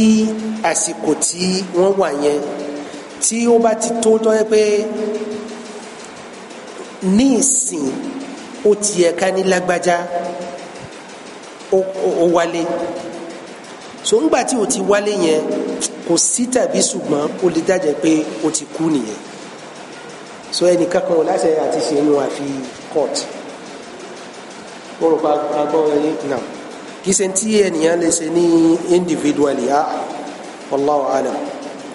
àsìkò tí wọ́n wà yẹn tí ó bá ti tó tọ́ yẹ pé ní ìsìn ó tiẹ̀ ká ní lágbájá ó wálé so ńgbà tí o ti wálé yẹn kò sí tàbí ṣùgbọ́n ó lè dájẹ́ pé o ti kú nìyẹn so ẹnì kankan ò láṣẹ àti ṣe inú àfi court ó rò pa agbọ́ ẹyẹ náà kì í ṣe tí ènìyàn lè ṣe ní individually ah wallahu alam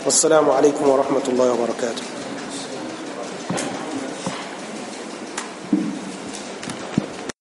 wasalaamualeykum wa rahmatulahi wa barakatuh.